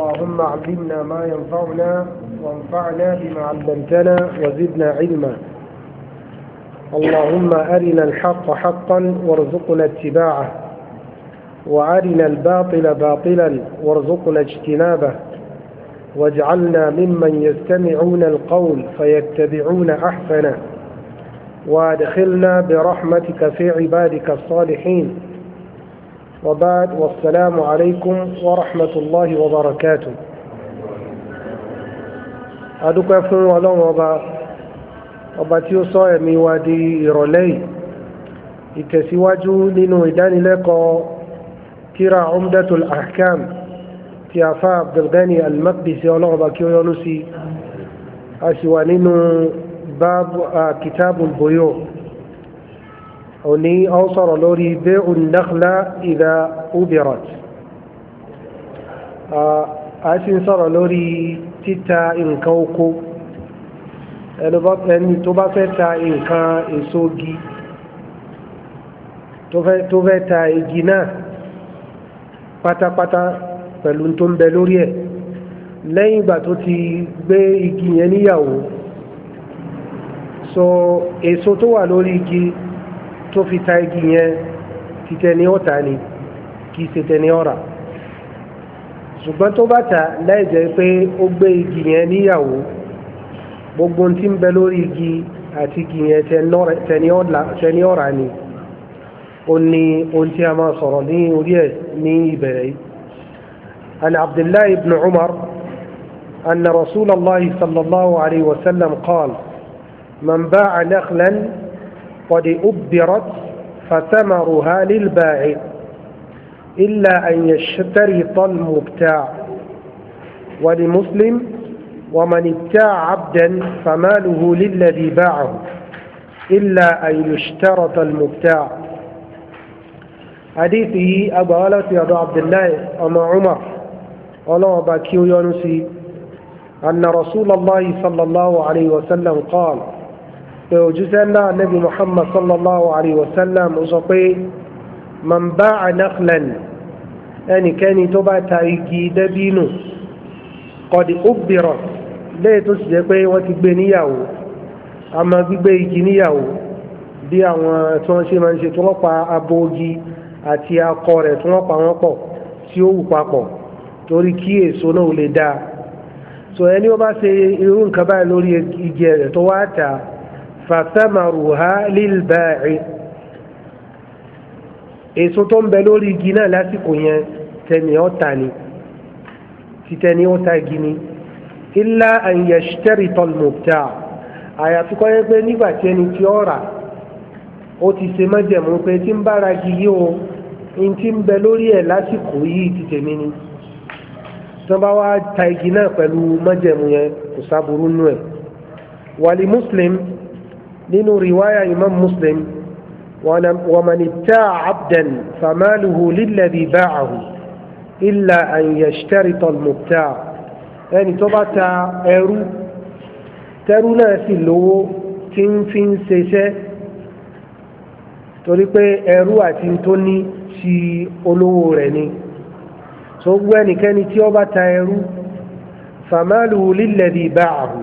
اللهم علمنا ما ينفعنا وانفعنا بما علمتنا وزدنا علما اللهم أرنا الحق حقا وارزقنا اتباعه وأرنا الباطل باطلا وارزقنا اجتنابه واجعلنا ممن يستمعون القول فيتبعون أحسنه وادخلنا برحمتك في عبادك الصالحين وبعد والسلام عليكم ورحمة الله وبركاته adúpẹ́ fún ọlọ́run ọba ọba tí ó sọ ẹ̀mí wa di ìrọ̀lẹ́ yìí ìtẹ̀síwájú nínú ìdánilẹ́kọ̀ọ́ tírà umdatul ahkam ti afa abdulgani almakdisi ọlọ́run ọba kí ó yọ́nú sí a sì wà nínú báàbù kìtàbù bòyó òní ọ sọ̀rọ̀ lórí bẹ́ẹ̀ nàkhlà ìdá ubirat a sì ń sọ̀rọ̀ lórí títa nǹkan oko ẹni tó bá fẹ́ ta nǹkan èso gi tó fẹ́ ta igi náà pátápátá pẹ̀lú tó ń bẹ lórí ẹ̀ lẹ́yìn ìgbà tó ti gbé igi yẹn níyàwó so èso tó wà lórí igi tó fi ta igi yẹn ti tẹni ó ta ni kì í ṣe tẹni ọ̀rà ṣùgbọ́n tó bá ta láì jẹ́ pé ó gbé igi yẹn níyàwó gbogbo ohun tí ń bẹ lórí igi àti igi yẹn tẹni ọ̀rà ni ó ní ohun tí a máa sọ̀rọ̀ ní orí ẹ̀ ní ìbẹ̀rẹ̀ yìí. عن عبد الله بن عمر أن رسول الله صلى الله عليه وسلم قال من باع نخلا قد أبدرت فثمرها للبائع إلا أن يشترط المبتاع ولمسلم ومن ابتاع عبدا فماله للذي باعه إلا أن يشترط المبتاع حديثه أبو ألف يا عبد الله أما عمر الله باكيو يونسي أن رسول الله صلى الله عليه وسلم قال pé òjíṣẹ́ ńlá anabi muhammad sallallahu alayhi wa sallam sọ pé man ba'a nakhlan ẹnikẹ́ni tó bá ta igi dẹ́bínú kọ̀dí óbìrọ̀ lẹ́yìn tó sì jẹ́ pé wọ́n ti gbé níyàwó a máa gbígbé igi níyàwó bí àwọn tí wọ́n ṣe máa ń ṣe tí wọ́n pa abo igi àti akọ rẹ̀ tí wọ́n pa wọ́n pọ̀ tí ó wù papọ̀ torí kí èso náà lè dáa so ẹni ó bá ṣe irú nǹkan báyìí lórí igi rẹ̀ tó wá tà فثمرها للبائع èso tó ń bẹ lórí igi náà lásìkò yẹn tẹni ọta ni títẹni ọta igi ni illa an yashtarita al-mubta' àyàfi kọ́ yẹ pé nígbà tí ẹni tí ó rà ó ti ṣe májẹ̀mú pé tí ń bára igi yìí o ní ti ń bẹ lórí ẹ̀ lásìkò yìí ti tèmi ni tí wọ́n bá wá ta igi náà pẹ̀lú májẹ̀mú yẹn kò sábúrú nù ẹ̀ wàlí muslim nínú riwaya imam muslim wàmàní tá abdan famaluhu lílẹ̀dì báàhù ilà àyẹ̀ṣtẹ́rì tọ̀lmùtà ẹni tó bá ta ẹrú tẹrú náà sì lówó tí ń fi ń ṣeṣẹ́ torí pé ẹrú àti tó ní ti olówó rẹ̀ ni tó gbọ́ ẹnikẹ́ni tí ó bá ta ẹrú famaluhu lílẹ̀dì báàhù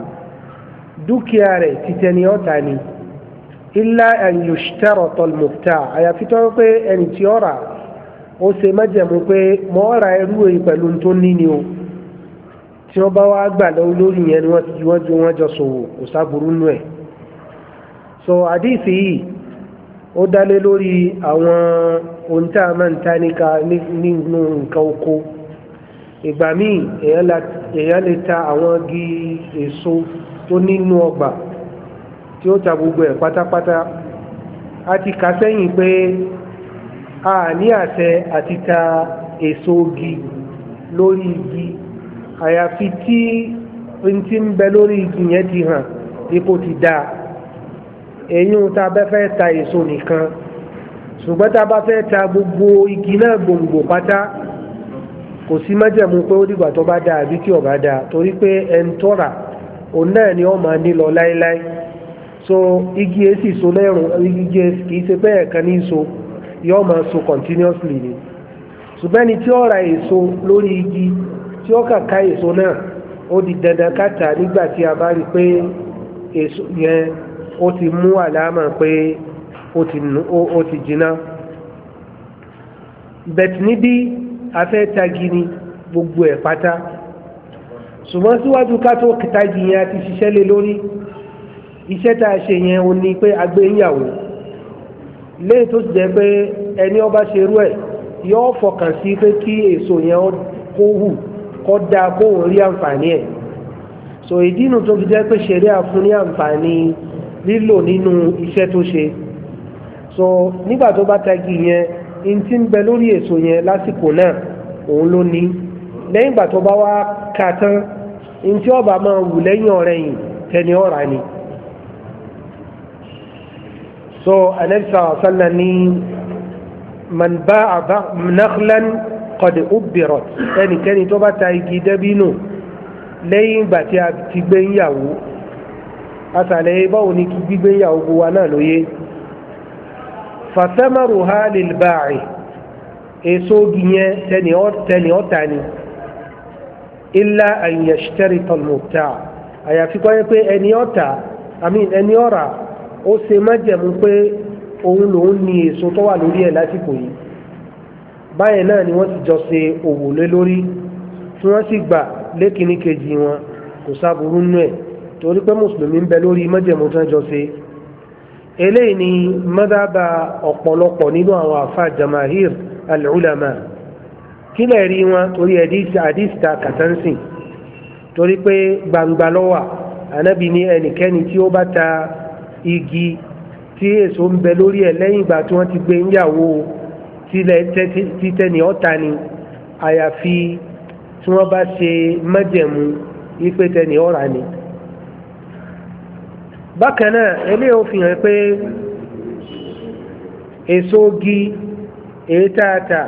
dúkìá rẹ̀ títẹni ọ̀tá ni. So, ilá ẹ̀yùsítẹ́rọ̀ tọlmùtà àyàfi tó ń pé ẹni tí ó rà ó ṣe májẹ̀mú pé mọ́ ra ẹrú èyí pẹ̀lú tó ní ni o tí wọ́n bá wá gbà lórí yẹn ni wọ́n ju wọ́n jọ ṣòwò kò sáburú nù ẹ̀ so àdìsí yìí ó dálé lórí àwọn ohun tá a máa ń ta níka nínú nǹkan oko ìgbà míì èèyàn lè ta àwọn igi èso tó nínú ọgbà. tí ó ta gbogbo ẹ̀ a ti kà sẹ́yìn pé a ní àṣẹ àti ta èso igi lórí igi àyàfi tí n ti ń bẹ lórí igi yẹn ti hàn ipò ti dáa èyí ta bẹ́ ta èso nìkan ṣùgbọ́n ta bá fẹ́ ta gbogbo igi náà gbòǹgbò pátá kò sí pé ó dìgbà tó bá dáa àbí tí ò bá dáa torí pé tọ́ra so igi èsì so lẹ́rùn igi èsì kì í ṣe bẹ́ẹ̀ kan ní so yóò máa so continuously ni ṣùgbọ́n ni tí ó ra èso lórí igi tí ó kà ká èso náà ó di dandan káta nígbà tí a bá rí i pé èso yẹn ó ti mú àlámà pé ó ti jiná bẹ̀t níbí afẹ́ tagi ni gbogbo ẹ̀ pátá ṣùgbọ́n síwájú ká tó tagi yẹn a ti ṣiṣẹ́ lé lórí iṣẹ́ tá a ṣe yẹn o ní pé agbé níyàwó léyìí tó sì jẹ́ pé ẹni ọba ṣe irú ẹ̀ yóò fọkàn sí pé kí èso yẹn kó hù kó dáa kó òun rí àǹfààní ẹ̀ so ìdí inú tó fi jẹ́ pé ṣeré àfún ní àǹfààní lílò nínú iṣẹ́ tó ṣe so nígbà tó bá tagi yẹn n ti ń bẹ lórí èso yẹn lásìkò náà òun ló ní lẹ́yìn ìgbà tó bá wá ka tán n tí ọba máa wù lẹ́yìn ọ̀rẹ́yìn tẹni ọ̀rá ni. So, so anabi sallallahu alaihi wasallam ni man ba'a nakhlan qad ubirat ẹnikẹ́ni tó bá ta igi dẹ́bínú lẹ́yìn ìgbà tí a ti gbé ìyàwó asàlẹ̀ báwo ni gbígbé ìyàwó gbogbo wa náà lóye fàtẹ́mọ̀rù ha lil ba'i èso ogi yẹn tẹni ọ̀tá ni illa an yashtarita al-mubta' àyàfi kọ́ yẹ pé ẹni ọ̀tá àmì ẹni ọ̀rà ó ṣe májẹ̀mú pé òun lòun ní èso tó wà lórí ẹ̀ lásìkò yìí báyẹn náà ni wọ́n ti jọ ṣe òwò lé lórí tí wọ́n sì gbà lékiní kejì wọn kò sáburú nú ẹ̀ torí pé mùsùlùmí ń bẹ lórí májẹ̀mú tó ń jọ ṣe eléyìí ni mọ́dábà ọ̀pọ̀lọpọ̀ nínú àwọn àfa jamahir al-ulama kílẹ̀ rí wọn torí àdìsíta kàtánsìn torí pé gbangba lọ́wà ànábì ní ẹnikẹ́ni tí ó bá ta igi tí èso ń bẹ lórí ẹ̀ lẹ́yìn ìgbà tí wọ́n ti gbé níyàwó títẹ́ni ọ̀tá ni àyàfi tí wọ́n bá ṣe májẹ̀mú ipe tẹ́ni ọ̀rà ni. bákan náà eléyìí ó fi hàn pé èso igi èyí tá a tà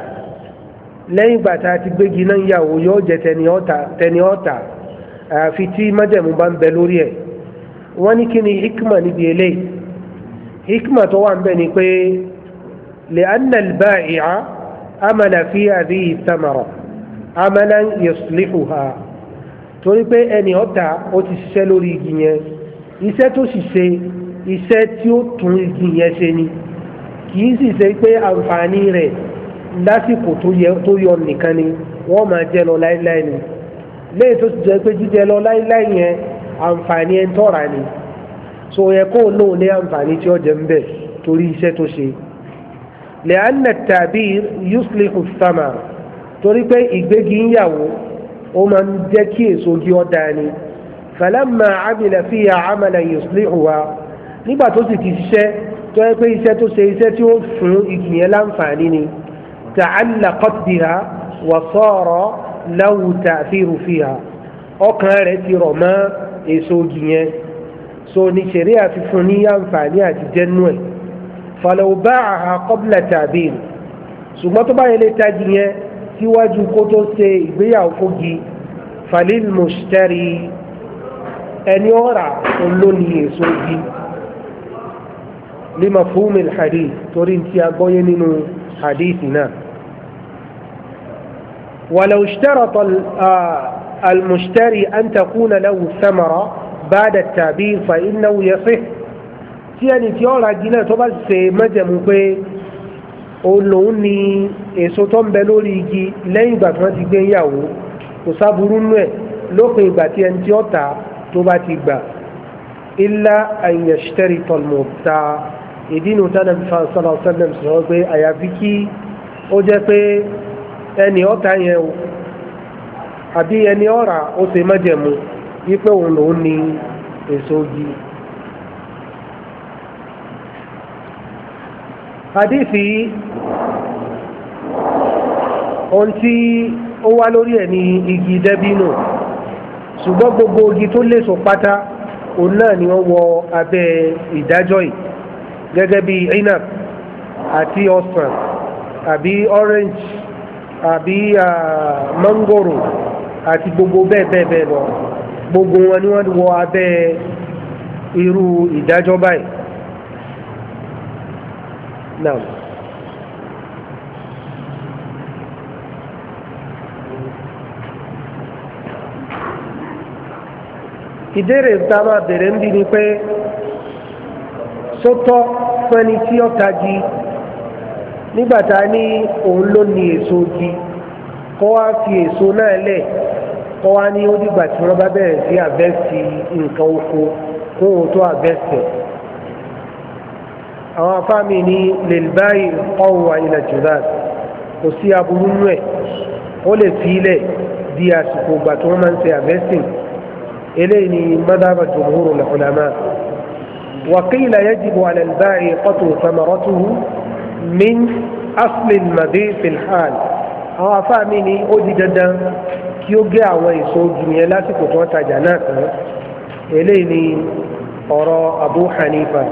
lẹ́yìn ìgbà tá a ti gbégi náà níyàwó yóò jẹ́ tẹ́ni ọ̀tá àyàfi tí májẹ̀mú bá ń bẹ lórí ẹ̀ wọ́n ní kí ni hikma níbi eléyìí hikma tó wà ń bẹ̀ ni pé لأن البائع أمل في هذه الثمرة أملا يصلحها torí pé ẹni ọ̀tá ó ti ṣiṣẹ́ lórí igi yẹn iṣẹ́ tó sì ṣe iṣẹ́ tí ó tún igi yẹn ṣe ni kì í sì ṣe pé àǹfààní rẹ̀ lásìkò tó yọ nìkan ni wọ́n máa jẹ lọ láéláé ni léyìí tó sì jẹ́ pé jíjẹ lọ láéláé yẹn àǹfààní ẹ̀ ń tọ́ra ni so yẹ kó o náà ní àǹfààní tí ó jẹ ń bẹ̀ torí iṣẹ́ tó ṣe lẹ́ànà tàbí yuslihu samar torí pé ìgbégi ń yàwó ó máa ń jẹ́ kí èso gí ọ́ dání falamma amila fiha amalan yuslihuha nígbà tó sì ti ṣiṣẹ́ tó yẹ pé iṣẹ́ tó ṣe iṣẹ́ tí ó fún igi yẹn láǹfààní ni ta'allaqat biha wa sara lahu ta'thiru fiha ọkàn rẹ̀ ti rọ̀ mọ́ èso ògì yẹn so ní ṣẹ̀rí àti fún ní àǹfààní àti jẹ́nu ẹ̀ falaw ba'aha qabla ta'bin ṣùgbọ́n tó bá yẹ lè tajì yẹn síwájú kó tó ṣe ìgbéyàwó fógi falil mushtari ẹni ọ̀rà olóni èso ògì lima fúnmil hadith torí ti agbóyé nínú hadith náà walaw ishtarata ah, المشتري أن تكون له ثمرة بعد التعبير فإنه يصح tí ẹni tí ọ̀rọ̀ ajé náà tó bá ṣe mẹ́jẹ̀mú pé olóhùn ni èso tó ń bẹ lórí igi lẹ́yìn ìgbà tí wọ́n ti gbé yàwó kò sáburú nù ẹ̀ lópin ìgbà tí ẹni tí ó tà tó bá ti gbà ilá àyẹ̀ṣẹ́rì tọ̀lmù ta ìdínú tánà fífa sọ̀rọ̀ sọ̀rọ̀ pé àyàfi kí ó jẹ́ pé ẹni ó tà yẹn o. àbí ẹni ọ̀rà ó ṣe májẹ̀mú wípé òun lòún ní èso gi. àdìsí ohun tí ó wá lórí ẹ̀ ní igi dẹ́bínù ṣùgbọ́n gbogbo igi tó léso pátá òun náà ni wọ́n wọ abẹ́ ìdájọ́ yìí gẹ́gẹ́ bí inap àti ọsàn àbí orange àbí ah, mangoro. Uh, àti gbogbo bẹ́ẹ̀ bẹ́ẹ̀ bẹ́ẹ̀ lọ gbogbo wọn ni wọ́n wọ abẹ́ irú ìdájọ́ báyìí. Naam. ìbéèrè tá a máa bèrè ń bí ni pé sótọ́ fẹ́ni tí ó tají nígbà tá a ní òun ló ní èso igi kó wá fi èso náà lẹ̀ kọ́ wa ní ó dìgbà tí wọ́n bá bẹ̀rẹ̀ sí àbẹ́sì nǹkan oko kó wọn tó àbẹ́sẹ̀ àwọn afáàmì ní lèlbáyì ọ̀hún àyìnlá jùlá kò sí aburú nù ẹ̀ ó lè fi ilẹ̀ di àsìkò ìgbà tí wọ́n máa ń ṣe àbẹ́sìn eléyìí ni madhhab jumhurul ulama وقيل يجب على البائع قطع ثمرته من أصل المبيع في الحال أو فامني أودي جدا kí ó gé àwọn èso ojú yẹn lásìkò tí wọ́n tajà náà tán eléyìí ni ọ̀rọ̀ Abu Hanifa.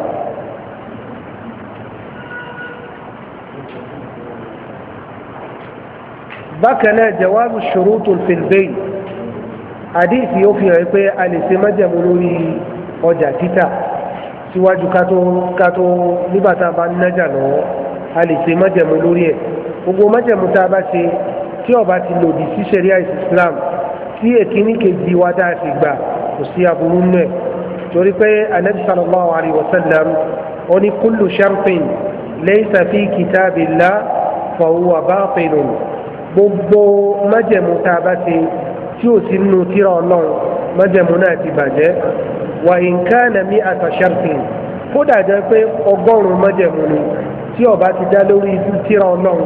bákan náà jawabu shurutul fil bay àdéhìsì ó fi hàn pé a lè ṣe májẹ̀mú lórí ọjà títà síwájú kátó kátó nígbà tá a bá ń nájà lọ́wọ́ a lè ṣe májẹ̀mú lórí ẹ̀ gbogbo májẹ̀mú tá a bá ṣe tí ó bá ti lòdì sí ṣẹ̀ríà Islam tí èkíní kejì wa dá sí gbà kò sí aburú nù ẹ̀ torí pé anabi sallallahu alayhi wa sallam ó ní kullu sharpin laysa fi kitabillah fa huwa batilun gbogbo májẹ̀mú tá a bá ṣe tí ò sí nínú tírà Ọlọ́run májẹ̀mú náà ti bàjẹ́ wa in kana mi'ata sharpin kódà jẹ́ pé ọgọ́rùn-ún májẹ̀mú ni tí ó ti dá lórí tírà Ọlọ́run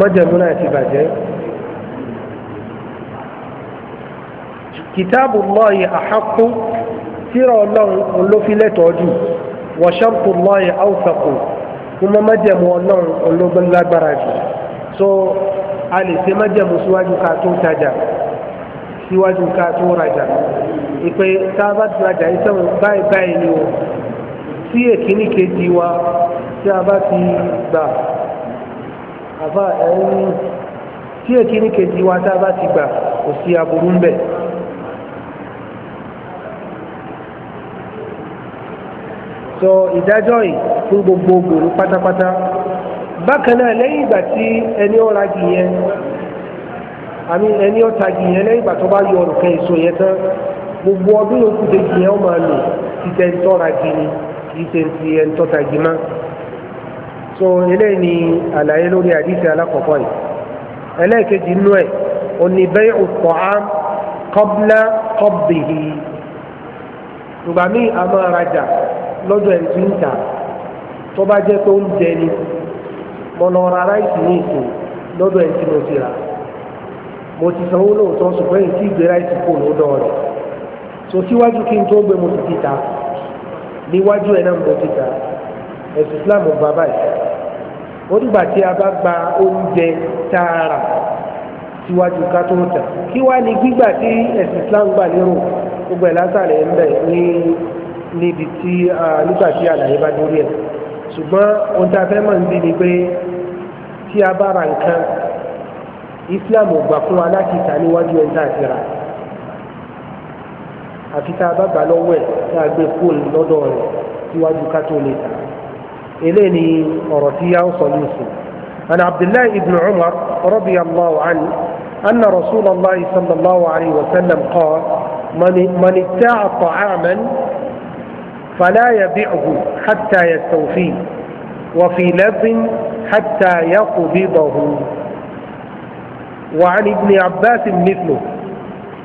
májẹ̀mú náà ti bàjẹ́. kìtàbù lọ́ọ̀yì àhákú tíra ọlọ́run olófilẹ́tọ́jú wọ̀ṣọ́pù lọ́ọ̀yì àwùsàkù kuma májẹ̀mú ọlọ́run olóbẹ́lágbára jù so a lè ṣe májẹ̀mú síwájú ká tó tajà síwájú ká tó rajà ìpè tábà rajà ìṣẹ́wọ̀n báyìí báyìí ni o tí èkíní kejì wa tí a bá ti gbà àbá ẹ̀rín tí èkíní kejì wa tá a bá ti gbà kò sí aburú ń bẹ̀. sọ ìdájọ́ yìí fún gbogbo gbòòrò pátápátá bákan náà lẹ́yìn ìgbà tí ẹni ọ̀ra gì yẹn àmì ẹni ọ̀ta gì yẹn lẹ́yìn ìgbà tó bá yọ ọ̀rùn kan èso yẹn tán gbogbo ọdún yòókù tó gì yẹn ó máa lò títẹ̀ ń tọ́ra gì ni kìí ṣe ti ẹ̀ ń tọ́ta má so eléyìí ni àlàyé lórí àdìsí alákọ̀ọ́kọ́ yìí ẹlẹ́ẹ̀kejì nú ẹ̀ òní bẹ́ẹ̀ ọ̀pọ̀ á qabla ìgbà míì a máa rajà lọ́dọ̀ ẹni tó ń tà tó bá jẹ́ pé oúnjẹ ni mo lọ ra ráìsì ní ìsìn lọ́dọ̀ ẹni tí mo ti rà mo ti sanwó lóòótọ́ ṣùgbọ́n èyí tí ìgbé ráìsì kò lọ́dọ̀ rẹ̀ tó síwájú kí n tó gbé mo ti ti ta níwájú ẹ̀ náà mo ti ta ẹ̀sùn Islam gba báyìí ó dìgbà tí a bá gba oúnjẹ tààrà síwájú ká tó tà kí wá ní gbígbà tí ẹ̀sùn Islam gbà lérò gbogbo ẹ̀ lásàlẹ̀ ń bẹ̀ ní níbi tí nígbà tí àlàyé bá dórí ẹ̀ ṣùgbọ́n ohun tí a fẹ́ mọ̀ níbi ni pé tí a bá ra nǹkan Islam ò gbà fún wa láti ta níwájú ẹni tá a ti rà àfi tá a bá gbà lọ́wọ́ ẹ̀ tá a gbé fóònù lọ́dọ̀ rẹ̀ síwájú ká tó lè tà eléyìí ni ọ̀rọ̀ tí a ó sọ ní ìsìn. عن عبد الله بن عمر رضي الله عنه أن رسول الله صلى الله عليه وسلم قال من, من طعاما فلا يبيعه حتى يستوفيه وفي لفظ حتى يقبضه وعن ابن عباس مثله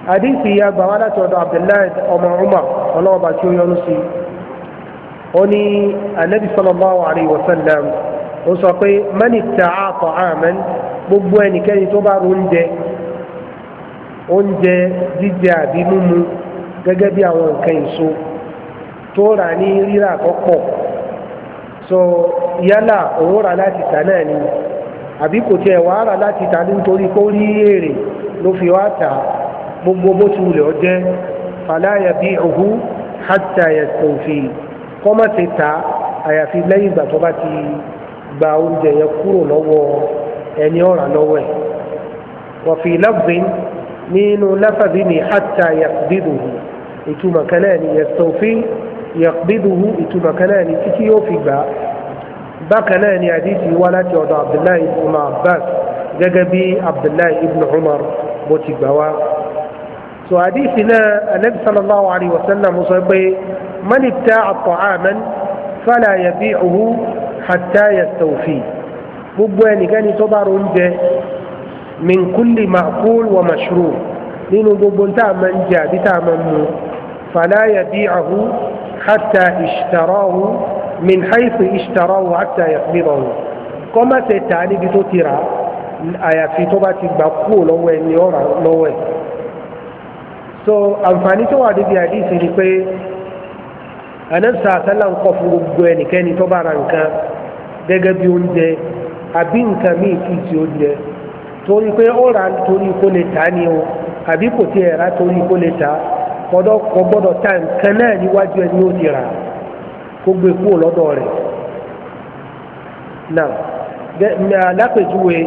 حديث يا بوالة عبد الله أم عمر الله باتيو يونسي أني النبي صلى الله عليه وسلم وصفي من ابتاع طعاما ببوين كان تبع رنجة oúnjẹ jíjẹ àbí mímu gẹ́gẹ́ tó rà ní rírà àkọ́kọ́ so yálà òun rà láti tà náà ni àbí kò tiẹ̀ wàá rà láti tà nítorí kó rí èrè ló fi wá tà gbogbo bó ti wulẹ̀ ọ jẹ́ fàlàyà bí òhu hàtà ẹ̀sìn òfin kọ́mọ̀tì ta àyàfi lẹ́yìn ìgbà tó bá ti gba oúnjẹ yẹn kúrò lọ́wọ́ ẹni ọ̀rà lọ́wọ́ ẹ̀ wọ̀fì lọ́gbìn nínú láfàbí ni hàtà yàtúbìdù ìtumọ̀ kan náà ni ẹ̀sìn òfin. يقبضه إتبكناني تكيو في با بكناني حديثي ولا وضع عبد الله بن عباس جاجبي عبد الله بن عمر بوتيبوا سو حديثنا النبي صلى الله عليه وسلم صبي من ابتاع طعاما فلا يبيعه حتى يستوفي، gbogbo ẹnikẹ́ni tó من كل معقول kulli ma'kul wa mashrub nínú gbogbo tá a حتى اشتراه من حيث اشتراه حتى يقبضه كما تتعني بتوتيرا àyàfi tó bá ti gbà kúrò lọ́wọ́ ẹni ọ̀rà lọ́wọ́ ẹ̀ so àǹfààní tó wà níbi àdìsí ni pé ànábìsà àtàlà ń kọ́ fún gbogbo ẹnikẹ́ni tó bá ra nǹkan gẹ́gẹ́ bí oúnjẹ àbí nǹkan míì kì í ti oúnjẹ torí pé ó rà torí kó lè tà ni o àbí kò tiẹ̀ rà torí kó lè tà á kọ́dọ̀ kọ́ gbọ́dọ̀ ta nǹkan náà níwájú ẹni ó ti rà kó gbé kúrò lọ́dọ̀ rẹ̀ náà lápèjúwe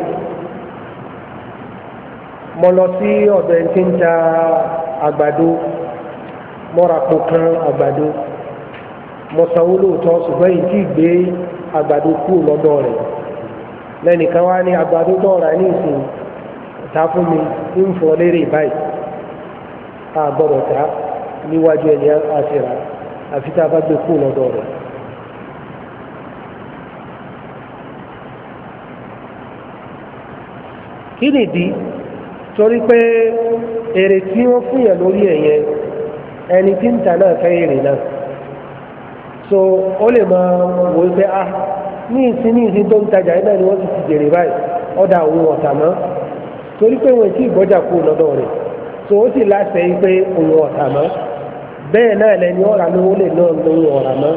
mo lọ sí ọ̀dọ̀ ẹni tí ń ta àgbàdo mo ra po kan àgbàdo mo sanwó lóòótọ́ ṣùgbọ́n èyí tí gbé àgbàdo kúrò lọ́dọ̀ rẹ̀ lẹ́nìkan wá ní àgbàdo dọ̀ra ní ìsìn ta fún mi ń fọ lérè báyìí. àgbọ̀dọ̀ ta níwájú ẹni àṣírà àfi a bá gbé kú lọ́dọ̀ rẹ̀. kí nìdí torí pé èrè tí wọ́n fún lórí ẹ̀yẹ ẹni tí ń ta náà fẹ́ èrè so ó lè máa wò pé a ah, ní ìsín ní ìsín tó ń tajà yìí náà ni wọ́n ti ti jèrè báyìí ọ̀dà òun torí pé wọ́n ti tó o sì láṣẹ yìí pé òun ọ̀tà mọ́ bẹ́ẹ̀ náà lẹni ọ̀rà lówó lè náà lóun ọ̀rà mọ́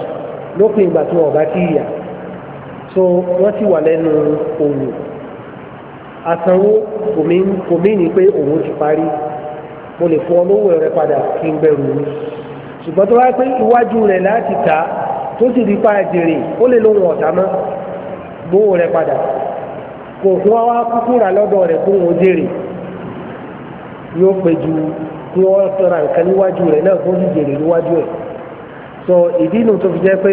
lópin ìgbà kí so wọ́n ti wà lẹ́nu òun àsanwó kò mí pé òun ti parí mo lè fún lówó rẹ padà kí n bẹ̀rù mi ṣùgbọ́n tó pé iwájú láti ta tó sì rí pa àjèrè ó lè lóun ọ̀tà mọ́ gbówó rẹ padà kò fún wa yóò pé ju kí wọ́n tọ́ra nǹkan níwájú rẹ̀ náà fún jíjèrè níwájú ẹ̀ so ìdí inú tó fi jẹ́ pé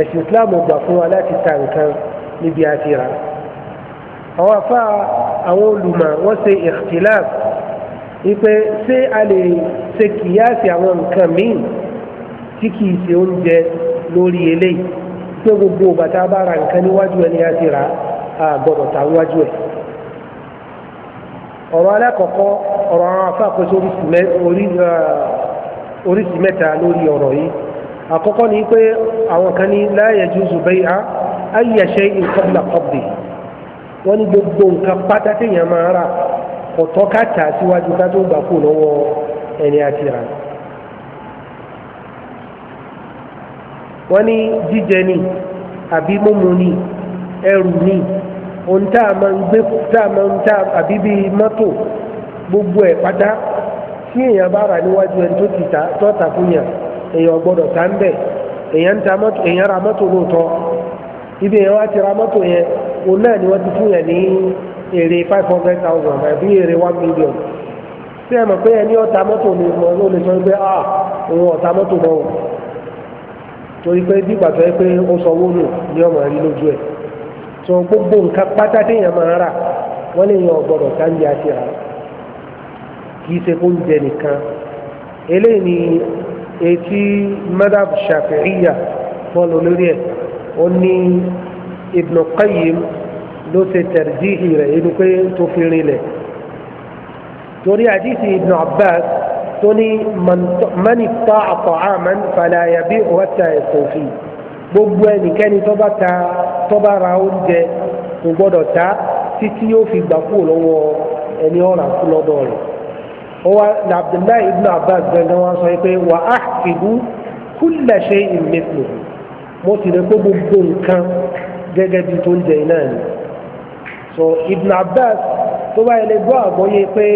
ẹ̀sìn Islam gbà fún wa láti ta nǹkan níbi àti rà àwọn afá àwọn olùmọ̀ wọ́n ṣe ìkhtilaf ipe ṣé a lè ṣe kìyàsí àwọn nǹkan míì tí kìí ṣe oúnjẹ lórí eléyìí pé gbogbo bàtà bá ra nǹkan níwájú ẹni àti rà á gbọ́dọ̀ ta níwájú ẹ̀. ọ̀rọ̀ alákọ̀ọ́kọ́ ọ̀rọ̀ àwọn afáàkóso oríṣi mẹ́ta lórí ọ̀rọ̀ yìí àkọ́kọ́ ni pé àwọn kan ní la yajuzu bay'a a shay'in qabla wọ́n ní gbogbo nǹkan pátá téèyàn máa rà ọ̀tọ́ ká síwájú ká tó gbà kú lọ́wọ́ ẹni àti rà. wọ́n ní jíjẹ ni àbí mímu ni ẹrù ni. ohun tá a máa ń gbé tá a máa ń gbogbo ẹ̀ pátá tí èèyàn bá rà níwájú ẹni tó ti ta tó ta fún yàn èèyàn gbọ́dọ̀ ta ń bẹ̀ èèyàn ta mọ́tò èèyàn ra mọ́tò lóòótọ́ ibi èèyàn wá ti ra mọ́tò yẹn òun náà ni wọ́n ti fún yàn ní èrè five hundred thousand àbí èrè one million tí ẹ mọ̀ pé ẹni a òun ọ̀tá mọ́tò náà torí pé bí yẹ pé ó sọ sọ gbogbo nǹkan pátá téèyàn máa rà wọ́n lè yan ọ̀gbọ́dọ̀ sáńdí àti rà kì í ṣe oúnjẹ nìkan eléyìí ni etí madhab shafi'iyya bọ́ọ̀lù lórí ẹ̀ ó ní Ibn Qayyim ló ṣe tarjihi rẹ̀ inú pé tó fi rinlẹ̀ torí àdìsí Ibn Abbas tó ní man itta'a ta'aman fala yabi'hu hatta yastawfi gbogbo ẹnikẹ́ni tó bá ta tó bá ra oúnjẹ kò gbọ́dọ̀ ta títí yóò fi gbà kúrò lọ́wọ́ ẹni ọ̀rà fún lọ́dọ̀ rẹ̀ ó wá Abdullahi ibn Abbas gbẹ̀ngàn wọn sọ pé wà á kìbú kúlẹ̀ ṣe ìmẹ̀kùn mo sì rẹ̀ pé gbogbo nǹkan gẹ́gẹ́ bí tó ń jẹ náà ni so Ibn Abbas tó bá yẹlẹ gbọ́ àgbọ́yé pé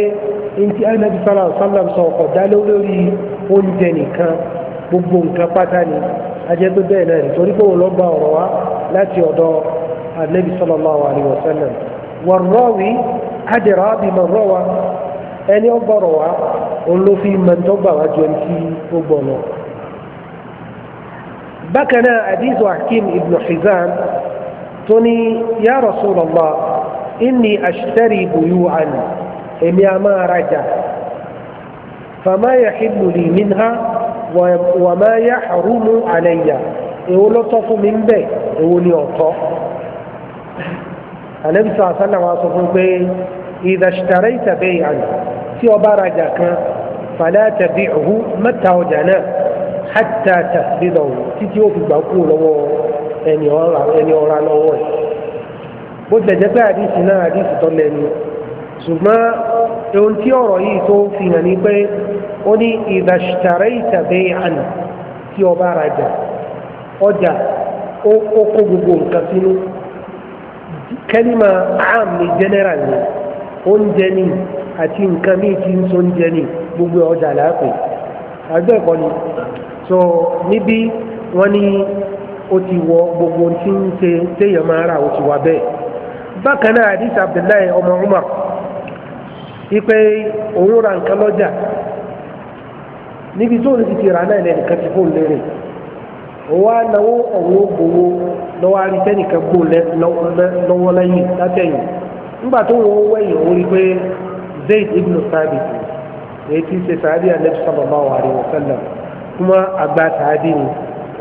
ntí anabi sallam sallam sọ ọkọ̀ dá lórí oúnjẹ nìkan gbogbo nǹkan pátá ni ajẹ́ pé bẹ́ẹ̀ náà nítorí pé òun lọ ọ̀rọ̀ wa láti ọ̀dọ̀ anabi sallallahu alayhi wa sallam wàrọ́wì adìrà bímọ rọ́wà ẹni ọgbọ̀rọ̀ wa olófin mẹ́tọ́gbà wá jọ ní ó gbọ̀ lọ. bákan náà àdìsọ hakim ibn hizan tó ní ya rasulallah inni ashtari buyu'an èmi a máa rajà fama yahillu minha wa ma yahrumu èwo ló tọ́ fún mi ń bẹ̀ èwo ni ọ̀tọ́ àlẹ́bísọ̀ àsánà wa sọ fún pé ìdàṣítàrẹ́ ìtàbẹ́ ìhànà tí ọba arajà kan fàlẹ́ àtàbí òhu mẹ́ta ọjà náà hàtà tàbílọ̀ títí ó fi gbà kú lọ́wọ́ ẹni ọ̀ra lọ́wọ́ ẹ̀ bó tilẹ̀ jẹ́ pé àdìsí náà àdìsí tọ́ lẹ́nu ṣùgbọ́n ohun tí ọ̀rọ̀ yìí tó fi hàn ní pé ó ní ìdàṣítàrẹ́ ìtàbẹ́ ìhànà tí ọba arajà ọjà ó kó gbogbo nǹkan sínú kẹ́límà àm ní general ni oúnjẹ ni àti nǹkan míì tí ń so oúnjẹ ni gbogbo ọjà láàpè àgbẹ̀ ẹ̀kọ́ ni so níbí wọ́n ní ó ti wọ gbogbo tí ń ṣe téèyàn máa rà ó ti wà bẹ́ẹ̀ bákan náà àdìs abdullahi ọmọ umar ipe òun ra nǹkan lọ́jà níbi tó ti ti rà náà lẹ́nìkan ti lérè òwò ànáwó ọ̀hún ògbówó lọ́wọ́ arítẹ́nìkan gbó lọ́wọ́ lẹ́yìn látẹ̀yìn nígbà tó wọ́n wẹ̀yìn òun rí pé Zayd ibn Thabit èyí tí ń ṣe sàábì Ànábì sallallahu alaihi wasallam kuma àgbà sàábì ni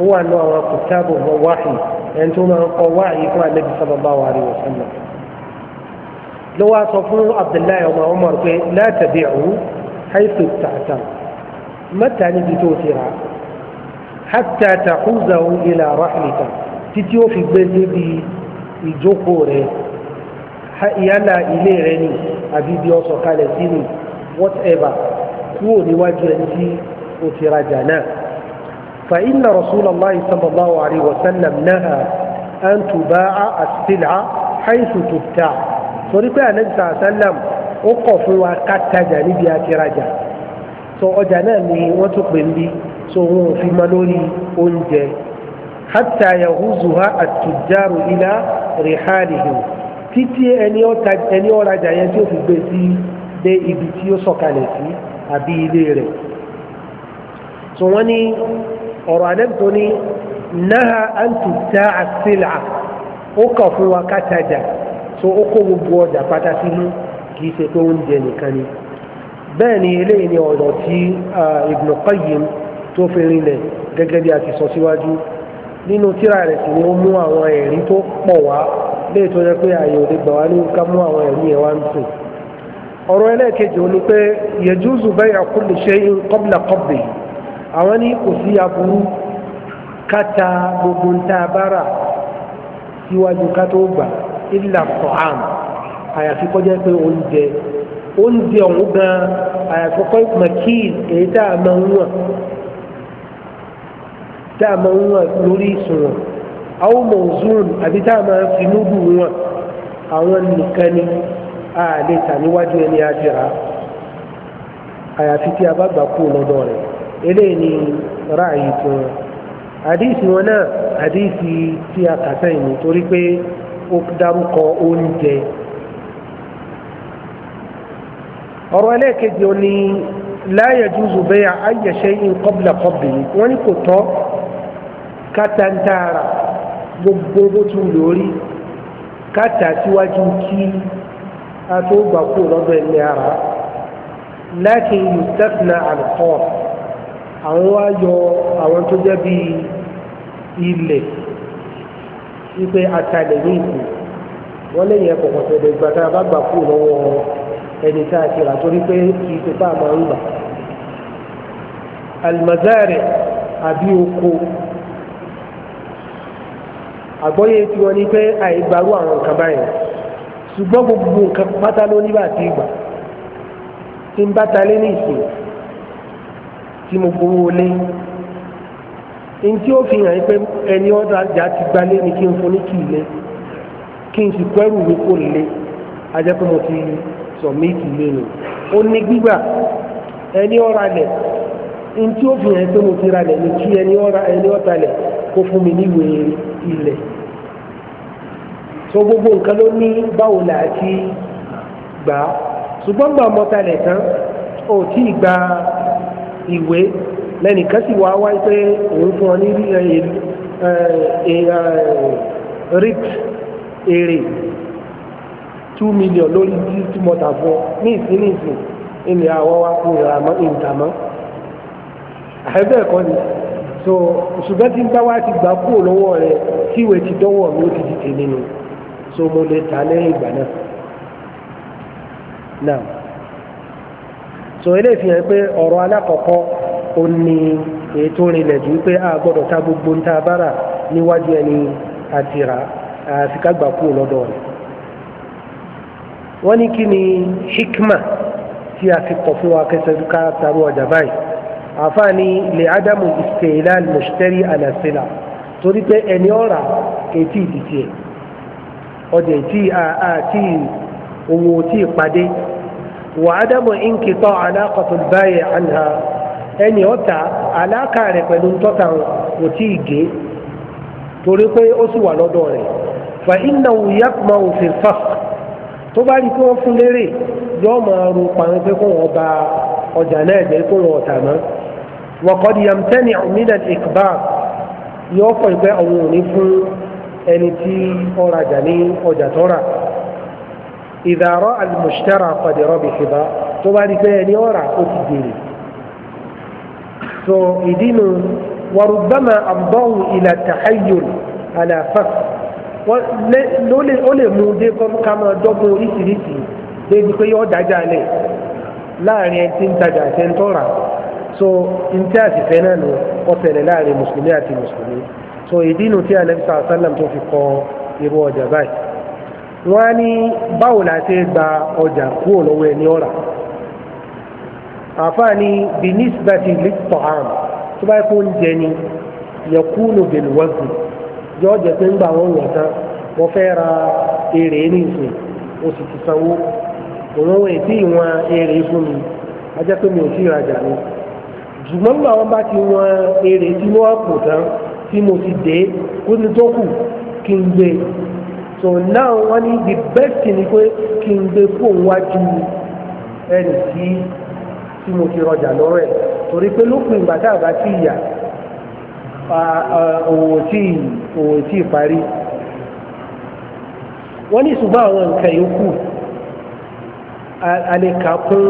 ó wà nù àwọn kùtàbù wáhì ẹni tó máa ń kọ wáhì fún Ànábì sallallahu alaihi wasallam ló wá sọ fún abdullahi ọmọ ọmọ pé látàbí ọ̀hún haifu tààtà mẹ́ta níbi tó ti rà hatta tahuzahu ila rahlika títí ó fi gbé débi ìjókòó rẹ̀ yálà ilé rẹ̀ ni àbí bí ọsọ kalẹ̀ sí ni whatever kúrò níwájú ẹni tí ó ti rajà náà fa inna rasulallah sallallahu alayhi wa sallam naha an tuba'a as-sil'a haythu tubta' torí pé anabi sallam ó kọ̀ fún wa ká tajà níbi àti rajà so ọjà náà ni wọ́n tún pè ń bí so wọn ò fi mọ lórí oúnjẹ hatta yahuzuha àtújárò ilá rihalihim títí ẹni ọ̀rajà yẹn tí ó fi gbé sí dé ibi tí ó sọ̀kalẹ̀ sí àbí ilé rẹ̀ so wọ́n ní ọ̀rọ̀ àdẹ́bùtò ní náà àǹtùtà àṣìlà ó kàn fún wa kátajà so ó kó gbogbo ọjà pátá sínú kì í ṣe pé oúnjẹ nìkan ni bẹ́ẹ̀ eléyìí ni ọ̀rọ̀ tí ah, Ibn Qayyim tó fi rinlẹ̀ gẹ́gẹ́ bí a ti sọ síwájú nínú tíra rẹ̀ sì ni ó mú àwọn ẹ̀rí tó pọ̀ wá léè tó yẹ pé ààyè òde gbà wá ní ká mú àwọn ẹ̀rí yẹn wá ń sìn ọ̀rọ̀ ẹlẹ́ẹ̀kejì ó ní pé yẹjúzù bẹ́ẹ̀ kulli shay'in qabla qabbi àwọn ní kò sí aburú kata gbogbo ń ta bára síwájú ká tó gbà illa ta'am àyàfi kọjá pé oúnjẹ oúnjẹ ọ̀hún gan àyàfi kọ́ mọ̀kí èyí tá a máa ń wọ̀n tá a máa ń wọ̀n lórí ìsùnwọ̀n àwọn mọ̀ọ́sùn àbí tá a máa fi núdù wọ̀n àwọn nìkan ni a lè tà níwájú ẹni àjẹrà àyàfi tí a bá gbà kú lọ́dọ̀ rẹ̀ eléyìí ni ráàyè tí wọn àdìsí wọn náà àdìsí tí a kà sẹ́yìn nítorí pé ó dárúkọ oúnjẹ ọ̀rọ̀ ẹlẹ́ẹ̀kejì ó ní la yajuzu bay'a ayyi shay'in qabla qabli wọ́n ní kò tọ́ kátàntàrà gbogbo bó tún lórí kátà síwájú kí a tó gbà kú lọ́dọ̀ ilé ara láti yustafna alkọ́ àwọn wá yọ àwọn tó jẹ́ bí ilẹ̀ wípé atalẹ̀ ní ìlú wọ́n lè yẹ tẹ̀lé ìgbà tá a bá gbà kú lọ́wọ́ ẹni tá a ti rà torí pé kì í ṣe tá máa ń gbà. almazari àbí oko àgbọ́yé tí wọ́n ní pé àìgbàrú àwọn nǹkan báyìí ṣùgbọ́n gbogbo nǹkan pátá ló ní bàtí ìgbà tí ń bá talé ní ìsìn tí mo gbowó lé ní tí ó fi hàn pé ẹni ọ̀dọ̀ àjà ti gbalé ni kí n fún ní kì í lé kí n sì pẹ́rù mi kò lé ajẹ́ pé mo ti sọ̀míìtì lé ni ó ní gbígbà ẹni ọ̀ra lẹ̀ ní tí ó fi hàn pé mo ti ra lẹ̀ ni kí ẹni ọ̀ra ẹni ọ̀ta lẹ̀ kó fún mi níwèé ilẹ̀ so gbogbo nǹkan ló ní báwo là á ti gbà á ṣùgbọ́n gbà mọ́talẹ̀ tán ò tí ì gba ìwé lẹ́nìkan sì wá wáyé pé òun fún ọ ní eh, eh, eh, rit èrè two million lórí tí mo tà fún ọ ní ìsín ní ìsìn ilẹ̀ àwọn wa kú ìràmọ́ ìdàmọ́ àìbẹ́ẹ̀ kọ́ ni so ṣùgbọ́n tí ń bá wá ti gbà kúrò lọ́wọ́ rẹ̀ tíwèé ti dọ́wọ́ mi ó ti di tèmi nù so mo lè ta lẹ́yìn ìgbà náà now so eléyìí fi hàn pé ọ̀rọ̀ alákọ̀ọ́kọ́ ó ní ètò rinlẹ̀ jù pé a gbọ́dọ̀ ta gbogbo nta bára níwájú ẹni àtìrà àfikàgbà kú lọ́dọ̀ rẹ̀ wọ́n ní kí ni hikma tí a fi kọ̀ fún wa kẹsàn-án ká tarú ọjà báyìí àfáàní lè ádámù ìsèlá mùsítẹ́rì àlàsílà torí pé ẹni ọ̀rà kẹtì ìdìtì ẹ̀ ọdẹ tí àti owó tí ìpàdé wà á dámọ̀ ìnkìtọ́ alákọ̀tún báyẹ̀ àná ẹni ọ̀tá aláka rẹ̀ pẹ̀lú tọ́ta kò tí ì gé torí pé ó sì wà lọ́dọ̀ rẹ̀ fa iná yakuma òfin fà tó bá rí pé wọ́n fún lérè yóò máa ro pàrọ̀ pé kó wọ́n ba ọjà náà jẹ́ kó wọ́n ọ̀tà mọ́ wọ́n kọ́ di yamtẹ́ni ọ̀mídàn ìkbà yóò fọ ìgbẹ́ ọ̀hún òní fún ẹni tí ó rajà ní ọjà tó rà ìdàrọ́ àlùmọ̀ṣítàrà pàdé rọ́bì ṣùgbọ́n tó bá rí pé ẹni ọ̀rà ó ti dèrè so ìdínú wàrúbámà àbọ̀hù ìlà tàhayùl àlàfà ó lè mú dé ká máa dọ́gbọ́n oríṣiríṣi débi pé yóò dájà lẹ̀ láàrin ẹni tí ń tajà àti ẹni tó so ní tí a sì fẹ́ náà ni ó ṣẹlẹ̀ láàrin mùsùlùmí àti mùsùlùmí so ìdí inú tí anabi sàlá sàlám tó fi kọ irú ọjà báyìí wọ́n á ní báwo la ṣe gba ọjà kúrò lọ́wọ́ ẹni ọ̀rà àfààní binisbati lit-ta'am tó bá yẹ kó ń jẹ ni yakunu bil-wazn yọ jẹ pé ń gbà wọn wọ̀ tán wọ́n fẹ́ ra èrè ní o sì ti sanwó òun ò tí ì wọn èrè fún mi ajá pé mi ò tí ì rajà ni jùmọ̀ nígbà wọn bá ti wọn èrè tí wọ́n kù tán tí mo ti dé ó ní tó kù kí n gbé so now wọ́n ní the best thing ni pé kí n gbé fóun wájú ẹnì tí tí mo ti rọjà lọ́rọ̀ ẹ̀ torí pé lópin ìgbà tá a bá ti yà òwò tí òwò tí parí wọ́n ní ṣùgbọ́n àwọn nǹkan yòókù a kún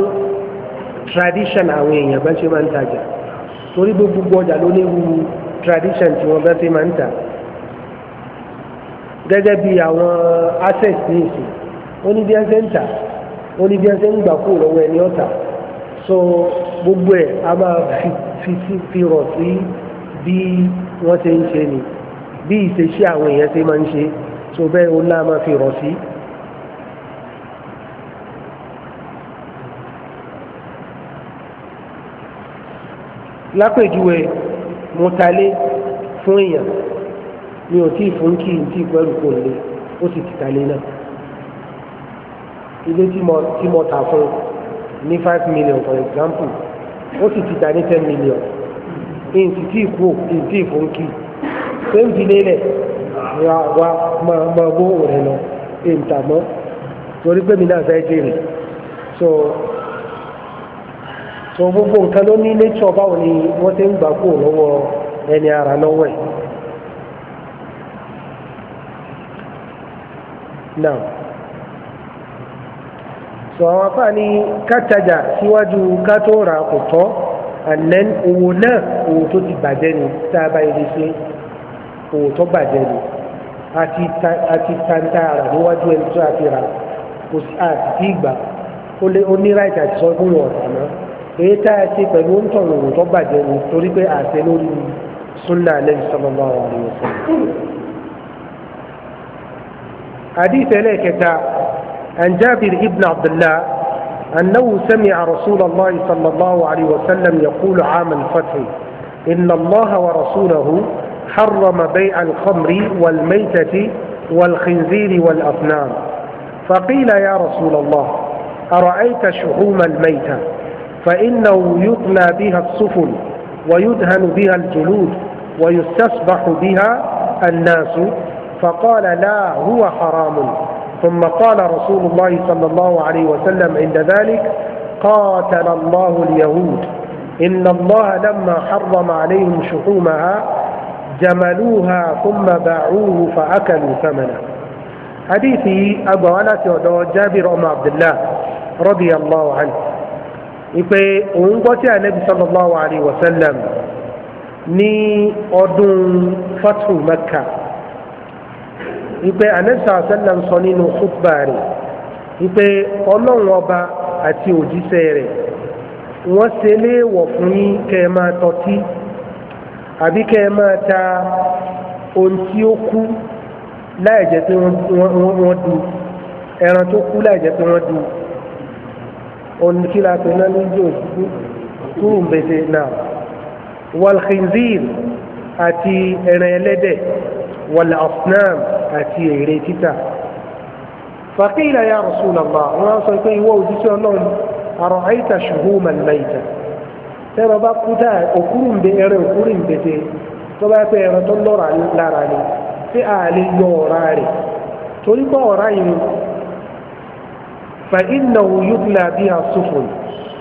tradition àwọn èèyàn bá ṣe máa ń tajà torí pé gbogbo ọjà ló léwu tradition tí wọ́n bá fi máa ń tà gẹ́gẹ́ bí àwọn access ní ìsìn ó ní bí ẹ ṣe ń tà ó bí ẹ ṣe ń gbà kúrò lọ́wọ́ ẹni ọ̀tà so gbogbo ẹ̀ a máa fi fi rọ̀ sí bí wọ́n ṣe ń ṣe ni bí ìṣesí àwọn èèyàn ṣe máa ń ṣe so bẹ́ẹ̀ ó náà máa fi rọ̀ sí. lápèjúwe mo talé fún èèyàn mi ò tí ì fún kí n tí ì pẹ́rù kò lè ó sì ti talé náà ilé tí mo tà fún ní five million for example ó sì ti tà ní ten million n sì tí ì kú n tí ì fún kí ṣé n fi lélẹ̀ ra wa máa gbóhùn rẹ lọ èntàmọ́ torí pé mi náà fẹ́ jèrè so so gbogbo nǹkan ló ní nature báwo ni wọ́n ti ń gbà kúrò lọ́wọ́ ẹni ara lọ́wọ́ ẹ̀. now so àwọn afá ni kátajà síwájú ká tó ra kò tọ́ and then owó náà owó tó ti bàjẹ́ ni tá a bá yẹ lè ṣe owó tó bàjẹ́ ni àti tanta ara níwájú ẹni tó a fi ra kò sí àti tí ìgbà ó ní ráìtì àti sọ wọn ọ̀tá èyí tá a ṣe pẹ̀lú ń tọ̀rọ̀ òun tó bàjẹ́ ni torí pé àṣẹ lórí súnà lẹ́yìn sọ́mọ́mọ́ àwọn àlejò حديث إليك عن جابر بن عبد الله أنه سمع رسول الله صلى الله عليه وسلم يقول عام الفتح إن الله ورسوله حرم بيع الخمر والميتة والخنزير والأصنام فقيل يا رسول الله أرأيت شحوم الميتة فإنه يطلى بها السفن ويدهن بها الجلود ويستصبح بها الناس فقال لا هو حرام ثم قال رسول الله صلى الله عليه وسلم عند ذلك قاتل الله اليهود إن الله لما حرم عليهم شحومها جملوها ثم باعوه فأكلوا ثمنه حديثي أبو أنس جابر أم عبد الله رضي الله عنه ìpè òun gbọ́ tí ànábì sallallahu alaihi wasallam ní ọdún fatu mẹ́kà ìpè ànábì sallallahu alaihi wasallam sọ nínú khutba rẹ̀ ìpè ọlọ́run ọba àti òjíṣẹ́ rẹ̀ wọ́n ṣe léèwọ̀ fún yín kẹ́ ẹ máa tọ́tí àbí kẹ́ ẹ máa ta ohun tí ó kú láì jẹ́ pé wọ́n du ẹran tó kú láì jẹ́ pé wọ́n du onikila pe na ni jo turumbete na walhinzir àti ẹran ẹlẹ́dẹ̀ wal asnam àti èrè títà faqila ya rasulallah wọ́n sọ pé ìwọ òjíṣẹ́ Ọlọ́run ara'ayta shuhumal mayta tẹrọ bá kú dáa òkúrùmbé ẹran òkúrùmbété tó bá pẹ ẹran tó lọ́ra lára ni tí a lè yọ ọ̀rá rẹ̀ torí pé ọ̀rá yìí fa innahu yudla biha sufun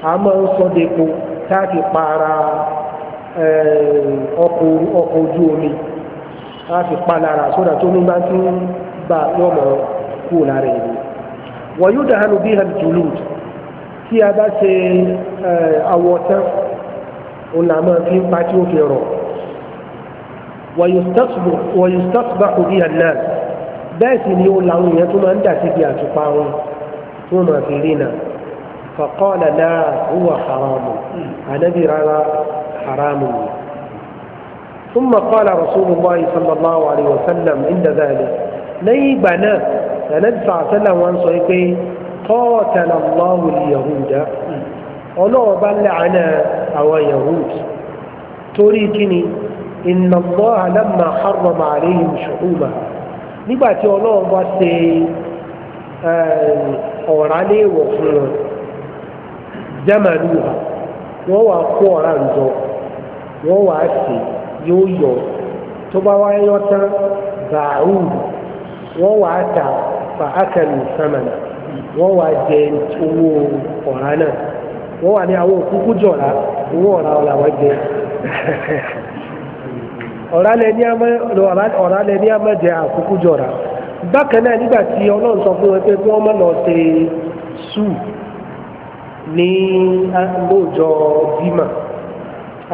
a máa ń sọ depo táàkì para eh, ọkọ̀ ojú omi láti palára sódà tó ní bá ti ń bá yọmọ kú lára ẹni wọ́n yóò dáhàlú biha al-julud tí a bá ṣe eh, awọ tán òun là máa fi ń pa tí ó fi rọ̀ wọ́n yóò stasbahu biha an-nas bẹ́ẹ̀ sì ni ó làwọn èèyàn tó máa ń dà sí ibi àtùpà wọn tí wọ́n máa fi rí náà faqala la huwa haramu ànábì rárá haramu ni. ثم قال رسول الله صلى الله عليه وسلم عند ذلك لي بنا النبي صلى الله عليه وسلم وان قاتل الله اليهود ọlọ́wọ́ bá lẹ́àánà àwọn yahud torí kíni inna Allah lamma harrama alayhim shu'uma nígbàtí ọlọ́wọ́ bá ṣe ọ̀rá léèwọ̀ fún wọn jamaluha wọ́n wàá kó ọ̀rá ǹjọ́ wọ́n wàá sè yóò yọ tó bá wá yọ tán wọ́n wàá ta fa akẹ́lù sàmàlà wọ́n wàá jẹ owó ọ̀rá náà wọ́n ní àwọn òkúkú owó ọ̀rá wá jẹ ọ̀rá lẹ́ni àmọ́ jẹ àkúkú bákan náà nígbà tí ọlọ́run sọ fún wọn pé kí wọ́n má lọ ṣe sùn ní ah, lóòjọ́ bímà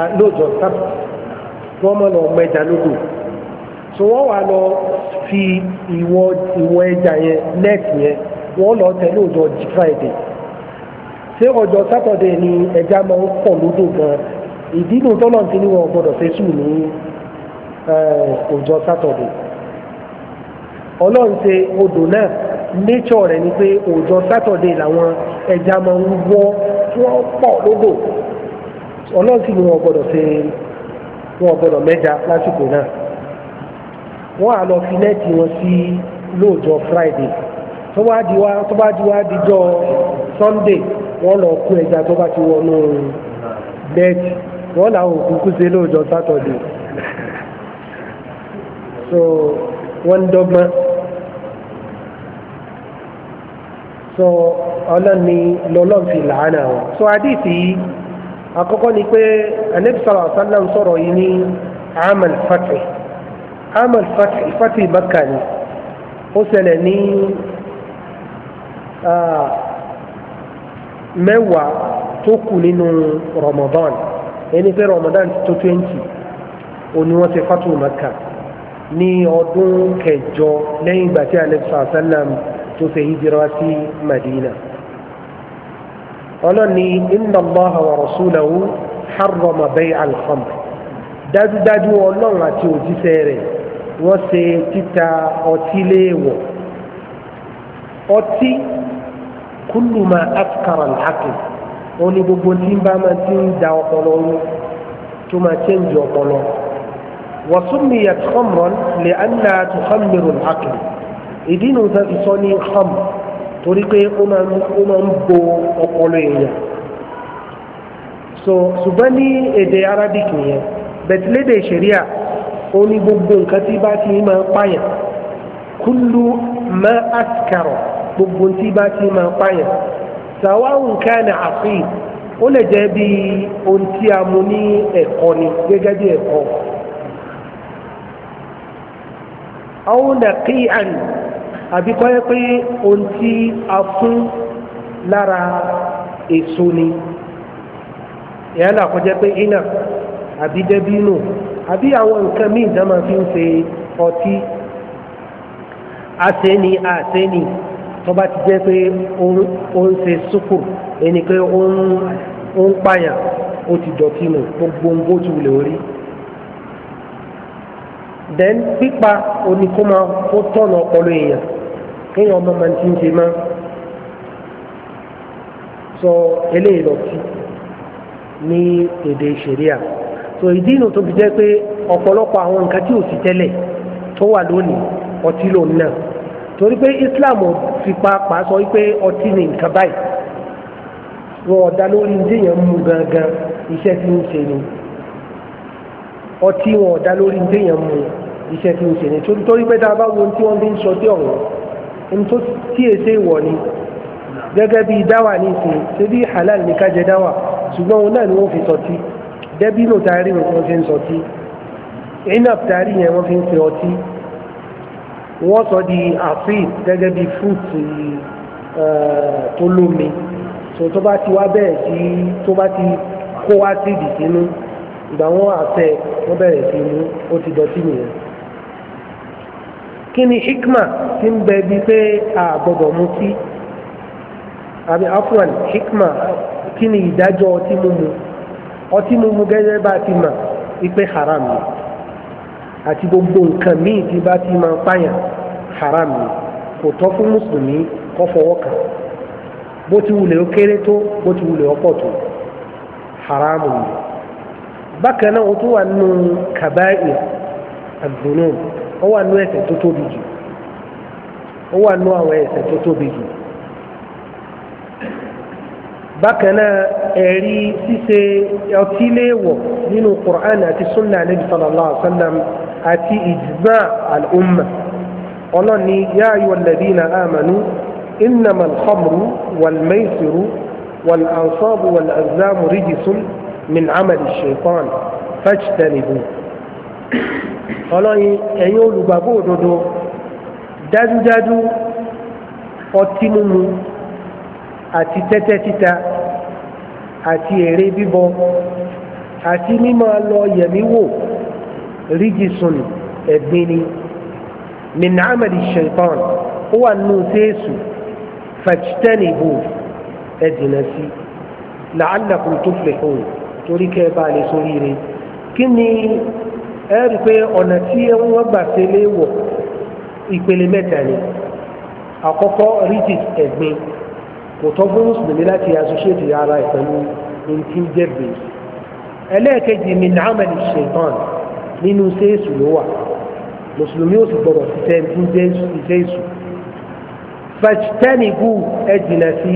ah, lóòjọ́ sábà wọ́n má lọ mẹ́ja lódò so wọ́n wà lọ fi ìwọ ìwọ ẹja yẹn nẹ́ẹ̀tì yẹn wọ́n lọ tẹ lóòjọ́ friday ṣé ọjọ́ sátọ̀dẹ̀ ni ẹja máa ń pọ̀ lódò gan ìdí nù tọ́lọ̀ ti ní wọn gbọ́dọ̀ fẹ́ sùn ní eh, ọjọ́ sátọ̀dẹ̀ ọlọ́run ṣe odò náà nature rẹ̀ ni pé ọjọ́ sátọ̀dé làwọn ẹja máa ń wọ́ tí wọ́n pọ̀ lódò ọlọ́run sì ni wọn gbọ́dọ̀ ṣe wọn gbọ́dọ̀ mẹ́ja lásìkò náà wọ́n á lọ fi nẹ́ẹ̀tì wọn sí lóòjọ́ friday tó bá di wá tó bá di wá dijọ́ sunday wọ́n lọ kú ẹja tó bá ti wọnú nẹ́ẹ̀tì wọ́n làwọn òkúkú ṣe lóòjọ́ sátọ̀dé so wọ́n ń dọ́gbọ́n. so ọlọ́ni lọ́lọ́ fi làánà wọn. so àdìsí yìí àkọ́kọ́ ni pé anabi sallallahu alaihi wasallam sọ̀rọ̀ yìí ní amal fatih amal fatih fatih makka ni ó ṣẹlẹ̀ ní mẹ́wàá tó kù nínú ramadan ẹni pé ramadan tó twenty òní wọ́n ti fatu makka ní ọdún kẹjọ lẹ́yìn ìgbà tí anabi sallallahu alaihi tó ṣe hijira sí Madina ọlọ́ni inna Allaha wa rasulahu harrama bay'a al-khamr dájúdájú ọlọ́run àti òjíṣẹ́ rẹ̀ wọ́n ṣe títa ọtí léèwọ̀ ọtí kullu ma afkara al-aql wọn ni gbogbo tí ń bá máa ti ń da ọpọlọ wọn tó máa ṣe ń di ọpọlọ wa summiyat khamran li'annaha tuhammiru al-aql ìdí nu ta fi sọ ní ham torí pé ó máa ń bo ọpọlọ èèyàn so ṣùgbọ́n ní èdè arabic nìyẹn bẹ̀tìlédè ṣẹ̀ríà ó ní gbogbo nǹkan tí bá ti máa pààyàn kúlú má àsìkàrọ̀ gbogbo tí bá ti máa pààyàn sàwáhùn kánà àfihàn ó lè jẹ́ bí ohun tí a mú ní ẹ̀kọ́ ni gẹ́gẹ́ bí ẹ̀kọ́. àwọn nàkíyàn àbí kọ́ yẹ pé ohun tí a fún lára èso ni ìyálà kó jẹ́ pé iná àbí dẹ́bínú àbí àwọn nǹkan míì dá máa fi ń ṣe ọtí àṣẹ́ni àṣẹ́ni tó bá ti jẹ́ pé ó ń ṣe sùkùr ẹni pé ó ń pààyàn ó ti dọ̀tí nù gbogbo ń bójú lè rí then pípa oníkóma ó tọ̀nà ọpọlọ èèyàn kéèyàn ọmọ máa ti ń ṣe máa sọ eléyìí lọ sí ní èdè ìṣẹ̀ríà so ìdí inú tó fi jẹ́ pé ọ̀pọ̀lọpọ̀ àwọn nǹkan tí ò sí tẹ́lẹ̀ tó wà lónìí ọtí lòun náà torí pé Islam fi pàápàá sọ wípé ọtí ni nǹkan báyìí wọn ọ̀dà lórí ní mú gangan iṣẹ́ tí ń ṣe ni ọtí wọn ọ̀dá lórí ní téèyàn mu iṣẹ́ tí ó ṣe ni torí pé tá a bá wo ohun tí wọ́n fi ń sọ dé ọ̀rọ̀ ohun tó tí èsè wọ̀ ni gẹ́gẹ́ bí dáwà ní ìsìn ṣé halal ní ká jẹ dáwà ṣùgbọ́n òun náà ni wọ́n fi sọtí dẹ́bínú taari wọ́n fi ń sọtí inap taari yẹn wọ́n fi ń ṣe ọtí wọ́n sọ di àfíì gẹ́gẹ́ bí fúùtù eh, tó lómi tó bá ti wá bẹ́ẹ̀ sí tó bá ti kó wá sídìí sínú ìgbà wọn àtẹ wọn bẹ̀rẹ̀ sí mú ó ti dọ̀tí nìyẹn kí ni hikma ti ń bẹ bíi pé a gbọ́dọ̀ mutí àbí afwan hikma kí ni ìdájọ́ ọtí mímu ọtí mímu gẹ́gẹ́ bá ti mà wípé haram ni àti gbogbo nǹkan míì tí bá ti máa pààyàn haram ni kò tọ́ fún mùsùlùmí kọ́ fọwọ́ kàn bó ti wulẹ̀ ó kéré tó bó ti wulẹ̀ ó pọ̀ tó haramu ni bákan náà wọ́n tún wà nù kàbáyé àgbóná wọ́n wà nù ẹ̀ṣẹ̀ tó tóbi jù wọ́n wà nù àwọn ẹ̀ṣẹ̀ tó tóbi jù bákan náà ẹ̀rí ṣíṣe ọtí léèwọ̀ nínú Qur'an àti sunna nabi sallallahu alaihi wa sallam àti ijma al-umma ọlọ́ni yá ayọ̀ alladhina amanu innama al-khamru wal-maysiru wal من عمل الشيطان fajtanibu ọlọ́yin ẹ̀yin olùgbàgbọ́ òdodo dájúdájú ọtí mímu àti tẹ́tẹ́ títa àti èrè bíbọ àti mímọ lọ yẹ̀mí wò rígisùn ẹ̀gbin ni min amali shaitan ó wà nù sẹ́ẹ̀sù fajtanibu ẹ̀dínà sí la'allakum tuflihun torí kẹ́ ẹ bá lè sórí rẹ̀ kí ni ẹ rí i pé ọ̀nà tí wọ́n gbà tẹ́lẹ̀ wọ̀ ìpele mẹ́ta ni àkọ́kọ́ rigid ẹ̀gbin kò tọ́ fún mùsùlùmí láti associate ara ẹ̀ pẹ̀lú ntí jẹ́gbin ẹlẹ́ẹ̀kejì mi nàámẹ́lì ṣètàn nínú sẹ́ẹ̀sù ló wà mùsùlùmí ò sì gbọdọ̀ ṣiṣẹ́ ntí jẹ́sù fàjítẹ́nìgù ẹ̀jìnà sí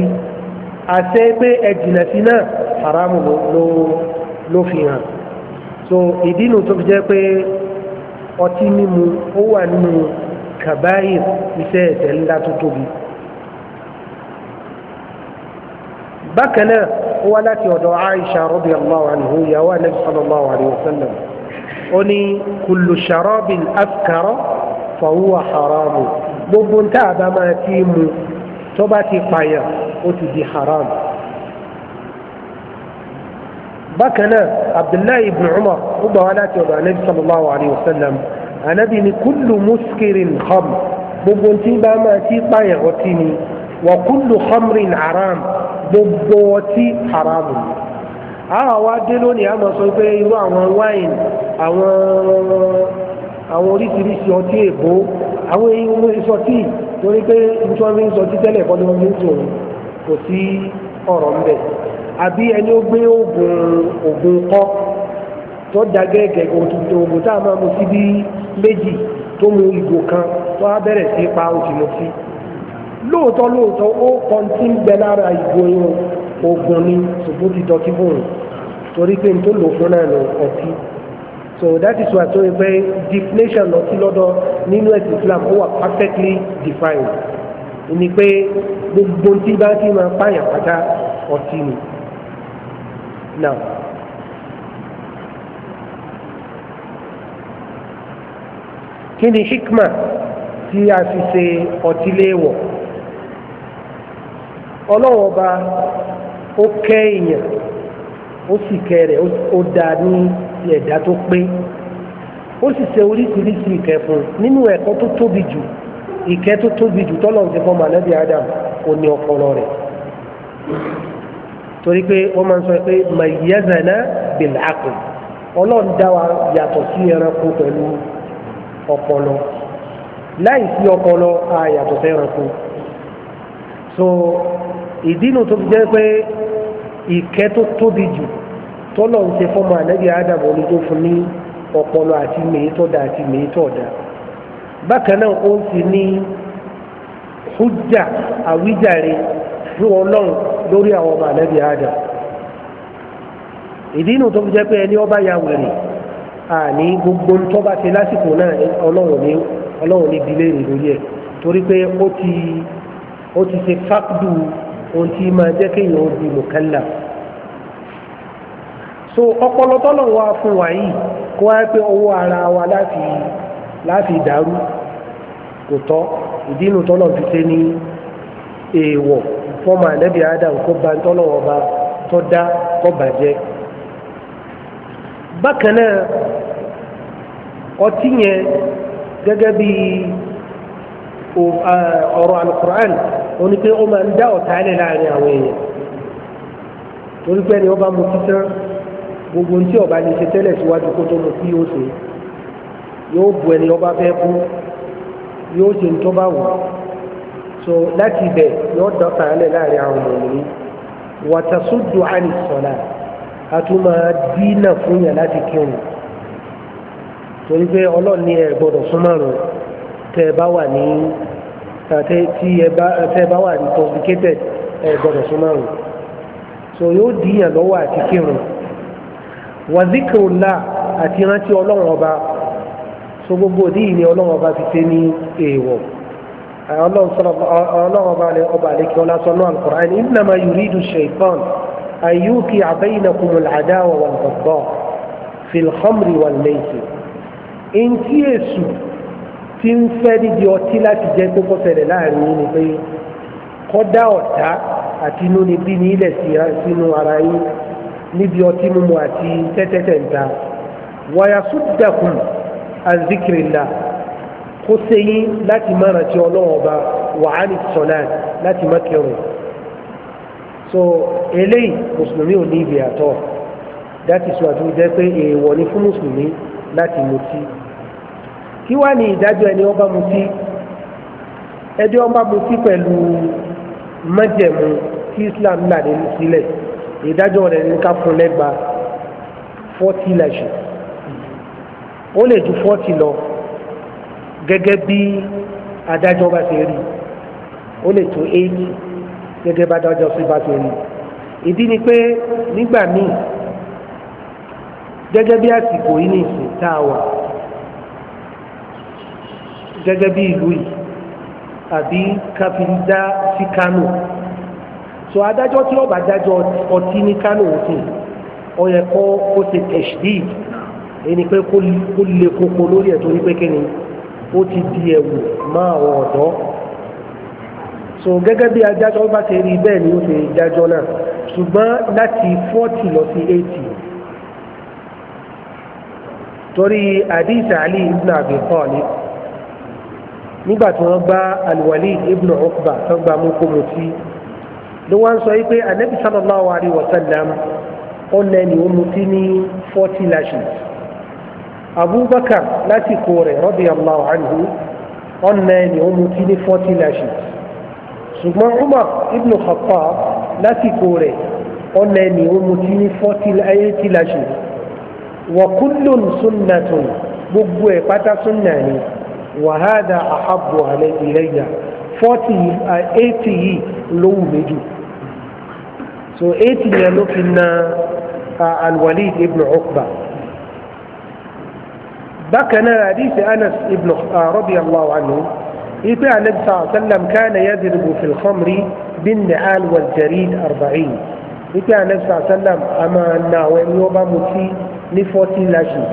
àṣẹ pé ẹ̀jìnà sí náà haramu ló fi hàn so ìdí nu tó fi jẹ́ pé ọtí mímu ó wà nínú kàbáyé iṣẹ́ ẹ̀ṣẹ̀ ńlá tó tóbi. bákan náà ó wá láti ọ̀dọ̀ Aisha radiyallahu anhu ìyàwó Ànábì sallallahu alayhi wa sallam ó ní kullu sharabin askara haramu gbogbo ntá máa ti mu tó bá ti pààyàn ó ti di haramu bákanáà abdullahi ibn umar ó gbà wá láti ọ̀dọ̀ anabi sallallahu alayhi wa sallam anabi ni kullu muskirin kham gbogbo tí bá máa ti pààyàn ọtí ni wa kullu khamrin haram gbogbo ọtí haram ni àwa wá dé lónìí a máa sọ pé irú àwọn wáìn àwọn àwọn oríṣiríṣi ọtí èbó àwọn èyí ń sọ tí torí pé nítorí ń sọ tí tẹ́lẹ̀ kọ́ ń sọ kò sí ọ̀rọ̀ ń bẹ̀ àbí ẹni ó gbé oògùn oògùn kọ́ tó da gẹ́gẹ́ oògùn tá a máa mu sí bí méjì tó mu ìgò kan tó á bẹ̀rẹ̀ sí pa oṣù sí lóòótọ́ lóòótọ́ ó kàn tí ń bẹ lára ìgò yẹn oògùn ni ṣùgbọ́n ti dọ̀tí fún un torí pé n tó lò fún náà lọ ọtí so that is why tó yẹ pé definition lọtí lọ́dọ̀ nínú ẹ̀sìn Islam ó wà perfectly defined ni pé gbogbo tí bá ti máa pààyàn pátá ọtí ni. نعم kí hikma tí a fi ṣe ọtí léèwọ̀ ọlọ́wọ́ ọba ó kẹ́ èèyàn ó sì kẹ́ rẹ̀ ó dá ní ẹ̀dá tó pé ó sì ṣe oríṣiríṣi ìkẹ́ fún un nínú ẹ̀kọ́ tó tóbi jù ìkẹ́ tó tóbi jù tọ́lọ̀ ń ṣe fún màlẹ́bí Adam ó ní ọpọlọ rẹ̀ torí pé wọ́n máa ń sọ pé mayyazana bil aql ọlọ́run dá wa yàtọ̀ sí ẹranko pẹ̀lú ọpọlọ láì sí ọpọlọ a yàtọ̀ sí ẹranko so ìdínú tó fi jẹ́ pé ìkẹ́ tó tóbi jù tọ́lọ̀ ń ṣe fọ́mọ ànábì ádámù ni tó fún ní ọpọlọ àti mèétọ́dà àti mèétọ́dà bákan náà ó sì ní hújà àwíjàre fún ọlọ́run lórí àwọn ọmọ àlẹ́bí adam ìdí inú tó jẹ́ pé ẹni ọba ya were àní gbogbo ń tọ́ba ṣe lásìkò náà ọlọ́run ní ọlọ́run ní ìdílé lórí ẹ̀ torí pé ó ti ó ti ṣe fákdù ohun tí máa jẹ́ kéèyàn di so ọpọlọ tọ́lọ̀ wá fún wa yìí kó wáyé pé ara wa láti láti dàrú kò tọ́ ìdí tọ́lọ̀ fi ṣe ní èèwọ̀. fọ́mọ ànábì adam kó ba ntọ́lọ́wọ́ ba tó da kó bàjẹ́ bákan náà ọtí yẹn gẹ́gẹ́ bí ọ̀rọ̀ alukur'an ó pé ó ń dá ọ̀tá ilẹ̀ láàrin àwọn èèyàn torí pé ni ọba mu títán gbogbo ntí ọba ṣe tẹ́lẹ̀ síwájú kó tó kí yóò ṣe yóò bu so láti ibẹ̀ yóò dọ́kà á lẹ̀ láàrin àwọn mùmínì wàtàsúdù àní sọ̀lá àtúmọ̀ dínà fún yàn láti kírun torí pé ọlọ́run ní ẹ gbọ́dọ̀ súnmọ́rùn tẹ ẹ bá wà ní tí ẹ bá wà ní complicated ẹ gbọ́dọ̀ súnmọ́rùn so yóò díyàn lọ́wọ́ àti kírun wàzíkìrùlá àti rántí ọlọ́run ọba so gbogbo òdí yìí ni ọlọ́run ọba fi ṣe ní èèwọ̀. E ọlọ́run ọba àlekí ọlá sọ́nù alukur'an innama yuridu shaitan ayuki abaynakum al'adawa wal baghdha fil khamri wal maisir ntí èsù tí ń fẹ́ dídí ọtí láti jẹ́ kókó ṣẹlẹ̀ láàrin yín ni pé kọ́dá ọ̀tá àti inú ni bí ní ilẹ̀ sínú ara yín níbi ọtí mímu àti tẹ́tẹ́tẹ̀ ń ta wàyà sódàkùn azikirila kó sẹ́yìn láti má rántí ọlọ́run ọba wàhálì sọ̀lá láti má kírun so eléyìí mùsùlùmí ò ní ibi àtọ́ that is why tó jẹ́ pé èèwọ̀ ni fún mùsùlùmí láti mutí kí wá ní ìdájọ́ ẹni ọba mutí ẹni ọba mutí pẹ̀lú májẹ̀mú tí Islam là ní sílẹ̀ ìdájọ́ rẹ̀ ní ká fún lẹ́gba fọ́tí lẹ́sìn ó lè ju fọ́tí lọ gẹ́gẹ́ bí adájọ́ bá ṣe rí ó lè tó eighty gẹ́gẹ́ bá adájọ́ sí bá ṣe rí ìdí ni pé nígbà míì gẹ́gẹ́ bí àsìkò yìí ní ìsìn tá a wà gẹ́gẹ́ bí ìlú yìí àbí káfíńdá sí Kánò so adájọ́ tí ọba adájọ́ ọtí ní Kánò òfin ó yẹ kó ó ṣe tẹ̀sídìí ẹni pé kó le koko lórí ẹ̀ torí pé kí ó ti di ẹ̀wù mọ́ àwọn ọ̀dọ́ so gẹ́gẹ́ bí adájọ́ bá ṣe rí bẹ́ẹ̀ ni ó ṣe dájọ́ náà ṣùgbọ́n láti forty lọ sí eighty torí hadith Ali ibn Abi Talib nígbà tí wọ́n bá Al-Walid ibn Uqba tó gba mú kó mu sí ló wá ń sọ yìí pé anabi sallallahu alayhi wa sallam ọ̀nà ni ó mu ní forty lashes abubakar lásìkò rẹ̀ radiyallahu anhu ọ̀nà ẹni ó mu kí ní forty lashes ṣùgbọ́n umar ibn khattab lásìkò rẹ̀ ọ̀nà ẹni ó mu kí ní forty eighty lashes wa kullun sunnatun gbogbo ẹ̀ pátá sunna ni wa hadha ahabbu ilayya forty eh, eighty yìí lówù méjì so eighty yẹn ló fi na ah, alwalid ibn uqba bákan náà àdìsí anas ibn ah, radiyallahu anhu ipe anabi sallallahu alayhi wa sallam kana yadribu fil khamri bin ni'al wal jarid arba'in ipe anabi sallallahu alayhi wa sallam a máa na àwọn ẹni wọ́n bá mutí ní forty lashes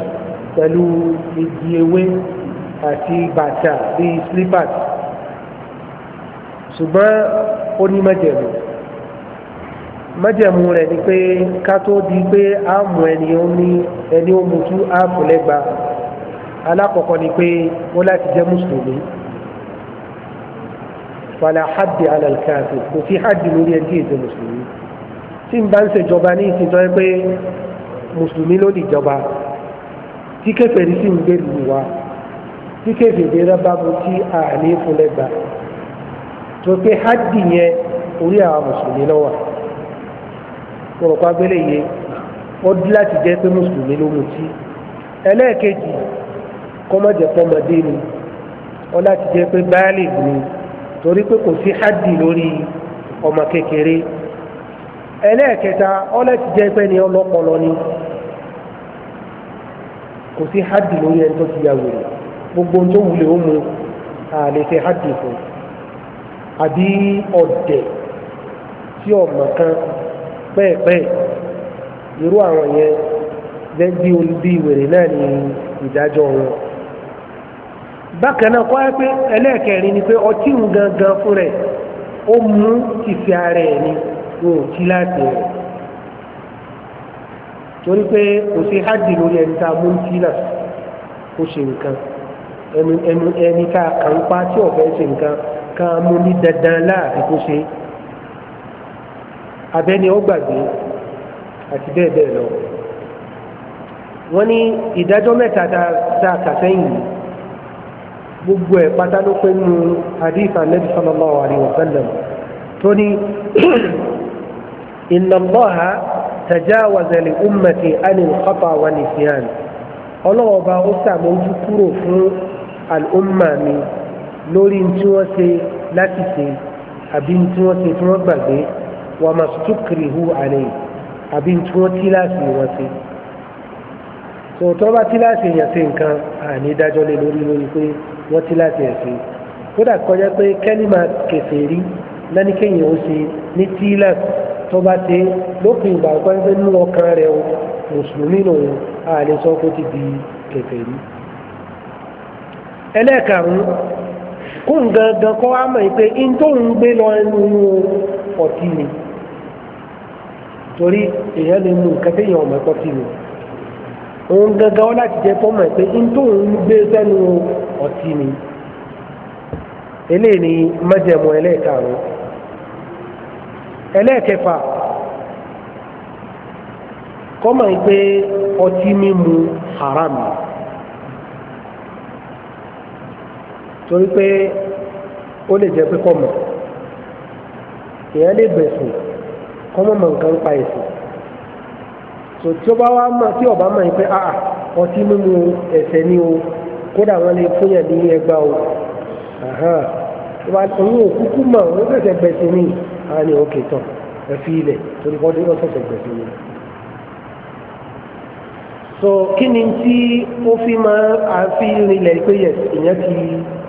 pẹ̀lú igi ewé àti bàtà bíi slippers ṣùgbọ́n ó ní májẹ̀mú májẹ̀mú rẹ̀ ni pé ká tó di pé a mú ẹni ó ní ẹni ó mutú á fún lẹ́gbàá alákọ̀ọ́kọ́ ni pé ó láti jẹ́ mùsùlùmí fàlà haddi alalkaafi kò fi haddi lórí ẹni tí èdè mùsùlùmí tí n bá ń ṣèjọba ní ìsìntọ́ pé mùsùlùmí ló ní ìjọba tí kèfèrí sì ń gbèrú wa tí kèfèrí rábà mu tí a ní fúnlẹ́gbà tó pé haddi yẹn orí àwọn mùsùlùmí lọ́wọ́ mo rò pa gbélé yẹ ó láti jẹ́ pé mùsùlùmí ló mutí ẹlẹ́ẹ̀kejì. kọ́mọ̀jẹ̀ pọ́mọdé ni ó láti jẹ́ pé báálì ni torí pé kò sí hádì lórí ọmọ kékeré ẹlẹ́ẹ̀kẹta ó láti jẹ́ pé ni ọlọ́pọlọ ni kò sí hádì lórí ẹni tó ti ya wèrè gbogbo ohun tó wulẹ̀ ó mu àlè ṣe hádì fún àbí ọ̀dẹ̀ tí ọmọ kan irú àwọn yẹn bí ìwèrè náà ni ìdájọ́ wọn. bákan náà kọ́ ẹ pé ẹlẹ́ẹ̀kẹrin ni pé ọtí ń gangan fún rẹ̀ ó mú ìfẹ́ ara ẹ̀ ni wọn láti rẹ̀ torí pé kò sí hádì lórí ẹni tá a mú tí là ó ṣe nǹkan ẹni tá a kàn ń pa tí ọ̀fẹ́ ṣe nǹkan ká a mú ní dandan láàrin kó ṣe abẹ́ni ó gbàgbé àti bẹ́ẹ̀ bẹ́ẹ̀ gbogbo ẹ̀ pátá ló pé nu hadith anabi sallallahu alayhi wa sallam tó ní inna Allaha tajawaza li ummati anil khata wa nisyan ọlọ́wọ́ bá ó sàmójú kúrò fún al'umma mi lórí tí wọ́n ṣe láti ṣe àbí tí wọ́n ṣe tí wọ́n gbàgbé wa mastukrihu alayhi àbí tí wọ́n tíláàsì wọn ṣe tòótọ́ bá tíláàsì èèyàn ṣe nǹkan àní dájọ́ lé lórí lórí pé wọ́n ti láti ẹ̀sìn kódà kọjá pé kẹ́límà kèfèrí lẹ́nikẹ́yìn ó ṣe ní tílẹ̀ tó bá ṣe lópin ìgbà ọ̀pọ̀ ẹgbẹ́ nínú ọkàn rẹ̀ o mùsùlùmí lòun a lè sọ kó ti di kèfèrí. ẹlẹ́ẹ̀karùn-ún kún gangan kọ́ á mọ̀ pé in tó ń gbé lọ ẹnu ọtí ni torí èèyàn lè mú nǹkan téèyàn ọmọ ẹ̀kọ́ tì ní òun gangan wọn láti jẹ fọmọ ẹ pé n tó ń gbé sẹ́nu ọtí ni eléyìí ni májẹ̀mú ẹlẹ́ẹ̀karùn ẹlẹ́ẹ̀kẹfà kọ́mọ̀ yìí pé ọtí mímu haram torí pé ó lè jẹ́ pé kọ́mọ̀ èèyàn lè bẹ̀sùn kọ́mọ̀ mọ̀ nǹkan pa ẹ̀sùn so tí ó bá wá mọ̀ tí ọba mọ̀ pé a ah, ọtí mímu ẹ̀ṣẹ̀ ni o kódà wọn lè fún yàn ní ẹgbà o òun ò kúkú mọ̀ òun fẹsẹ̀ gbẹ̀sìn ni a ní òkè tán ẹ fi ilẹ̀ torí wọ́n dúró fẹsẹ̀ gbẹ̀sìn ni. so kí ni tí ó fi máa a fi rinlẹ̀ pé yẹ ìyẹn ti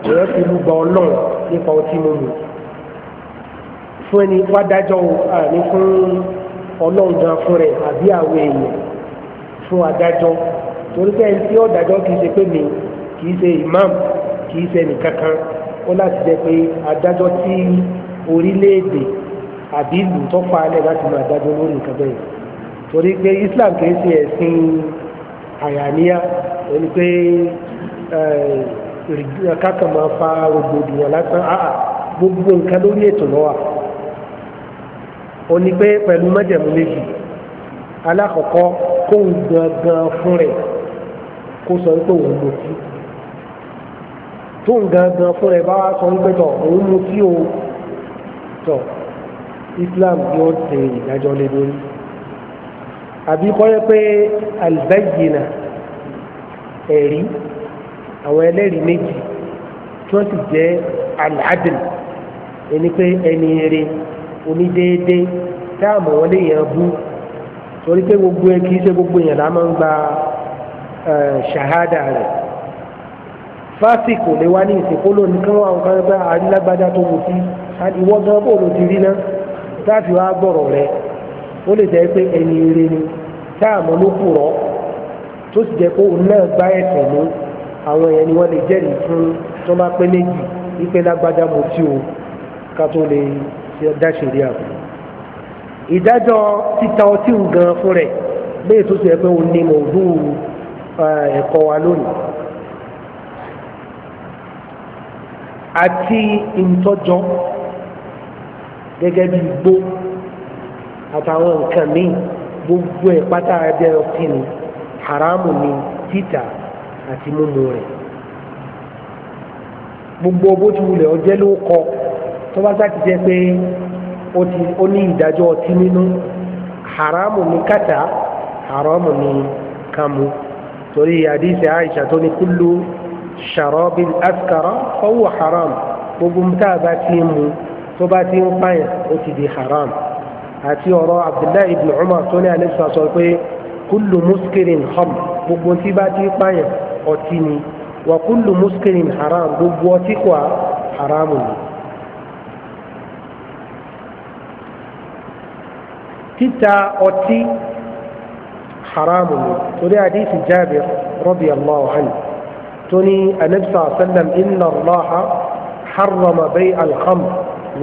ìyẹn ti lu gba ọlọ́run nípa ọtí mímu fún ẹni wá dájọ́ o àní fún. ọlọ́run gan fún rẹ̀ àbí àwọn èèyàn fún adájọ́ torí pé ẹni tí kì í ṣe pé mi kì í ṣe imam kì í ṣe nìkankan ó láti pé adájọ́ tí orílẹ̀-èdè àbí ìlú tó fa alẹ́ láti máa dájọ́ lórí nǹkan bẹ́ẹ̀ torí pé Islam kì í ṣe ẹ̀sìn àyàníyá ẹni pé eh, máa fa rògbòdìyàn gbogbo nǹkan lórí Oni pe pé pẹ̀lú májẹ̀mú méjì alákọ̀ọ́kọ́ kóun gangan fún rẹ̀ kó sọ pé òun mutí tóun gangan fún rẹ̀ bá sọ pé tọ̀ òun mutí o tọ̀ Islam yóò ṣe ìdájọ́ lé lórí àbí kọ́ yẹ pé albayyina ẹ̀rí àwọn ẹlẹ́rìí méjì tí wọ́n sì jẹ́ al ẹni pé ẹni eré onídéédé táàmù wọn lè yàn bú torí pé gbogbo ẹ kì í ṣe gbogbo èèyàn láà máa ń gba ṣàhádà rẹ fásitì lè wá ní ìsìnkú lónìí kí wọn kàn gba àrílágbájá tó mutí ìwọ gan bó ló ti rí ná táàfì wá gbọrọ rẹ ó lè jẹ pé ẹni ire ni táàmù ló kúrọ tó sì jẹ pé òun náà gbá ẹsẹ mú àwọn èèyàn ni wọn lè jẹrìí fún tó bá pé méjì ìpè lágbájá mutí o ká tó lè dá ṣeré àbò ìdájọ́ títa ọtí ń gan fún rẹ̀ bẹ́ẹ̀ tó ṣe pé òun ni mo dùn ẹ̀kọ́ wa lónìí àti ìtọ́jọ́ gẹ́gẹ́ bí igbó àtàwọn nǹkan míì gbogbo ẹ̀ pátá ẹgbẹ́ ọtí ni haramu ni títà àti mímu rẹ̀ gbogbo bó ti wulẹ̀ ọjẹ́ ló kọ́ tó bá sáà ti jẹ́ pé ó ní ìdájọ́ ọtí nínú haramu ní kàtà haramu ní kàmú torí àdìsí Àìṣà tó ní kúlú sharabin askara fọwọ́ haram gbogbo tá a bá ti ń mu tó bá ti ń pààyàn ó ti di haram àti ọ̀rọ̀ Abdullahi ibn Umar tó ní alẹ́ sọ pé kúlù muskirin ham gbogbo tí bá ti pààyàn ọtí ni wà kúlù muskirin haram gbogbo ọtí kọ́ haramu ni. títa ọtí haramu ni torí àdìsí Jabir radiyallahu anhu tó ní anabisa sallam inna allaha harrama bay alhamr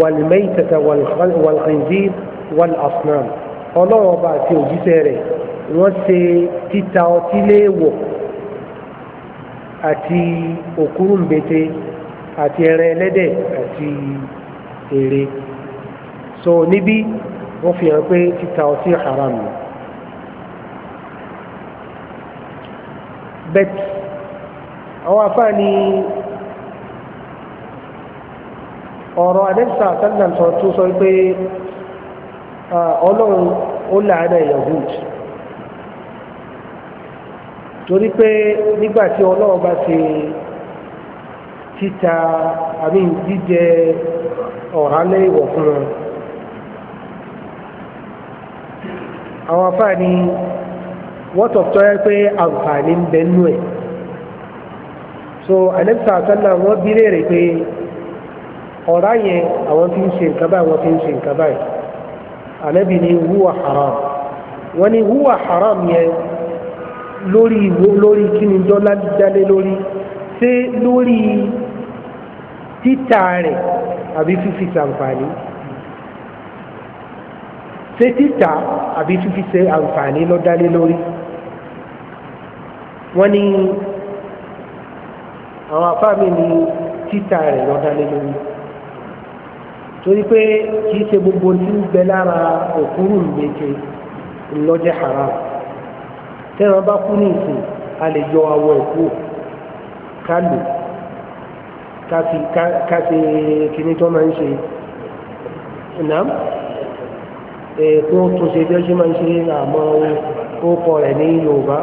walmaitata walkhinzir walasnam ọlọ́wọ́ ọba àti òjíṣẹ́ rẹ̀ wọ́n ṣe títa ọtí léèwọ̀ àti òkúrùmbete àti ẹran ẹlẹ́dẹ̀ àti ère so níbí ó fi hàn pé títa ọtí haram ni. bet àwọn afáà ni ọ̀rọ̀ adẹ́sà sálàm sọ tó sọ pé ọlọ́run ó làánà yahud torí pé nígbà tí ọlọ́run bá ṣe títa àmì jíjẹ ọ̀rá fún wọn. àwọn afáàní wọ́tọ̀ tọ́ ẹ pé àǹfààní ń bẹ nú ẹ̀ so anẹ́bísà àtàlà wọ́n bí léèrè pé ọ̀rá yẹn àwọn fi ń ṣe nǹkan báyìí wọ́n fi ń ṣe nǹkan báyìí anẹ́bí ni huwa haram wọ́n ní huwa haram yẹn lórí ìwò lórí kíni dọ́là dálé lórí ṣé lórí títà rẹ̀ àbí fífi ṣàǹfààní ṣé títà àbí fífi ṣe àǹfààní ló dálé lórí wọ́n ní àwọn afáàmì ní títà rẹ̀ ló dálé lórí torí pé kì í ṣe gbogbo tí ń bẹ lára òkúrú méje ńlọ́jẹ́ haram tẹ́ran bá kú ní ìsìn a lè yọ awọ ẹ̀kú ká lò ká ṣe kíní tó máa ń ṣe tó tún ṣe bí ó ṣe máa ń ṣe àmọ́ orúkọ rẹ̀ ní yorùbá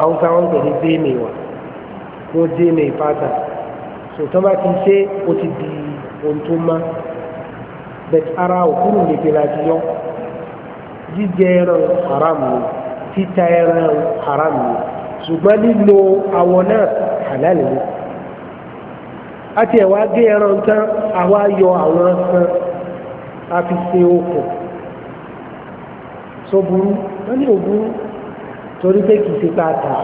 haúsá wọn pè ní déèmì wà ló déèmì ìpàtà sòtọ́ bá ti ṣe ó ti di ohun tó má bẹ̀t ara òkúrò nìkan láti yọ jíjẹ ẹran haram ni títa ẹran haram ni ṣùgbọ́n lílo awọ náà halal ni àti ẹ̀wá gé ẹran tán àwa yọ àwọn kan a fi ṣe okò so burú wọ́n ní òburú torí pé kì í ṣe pàtà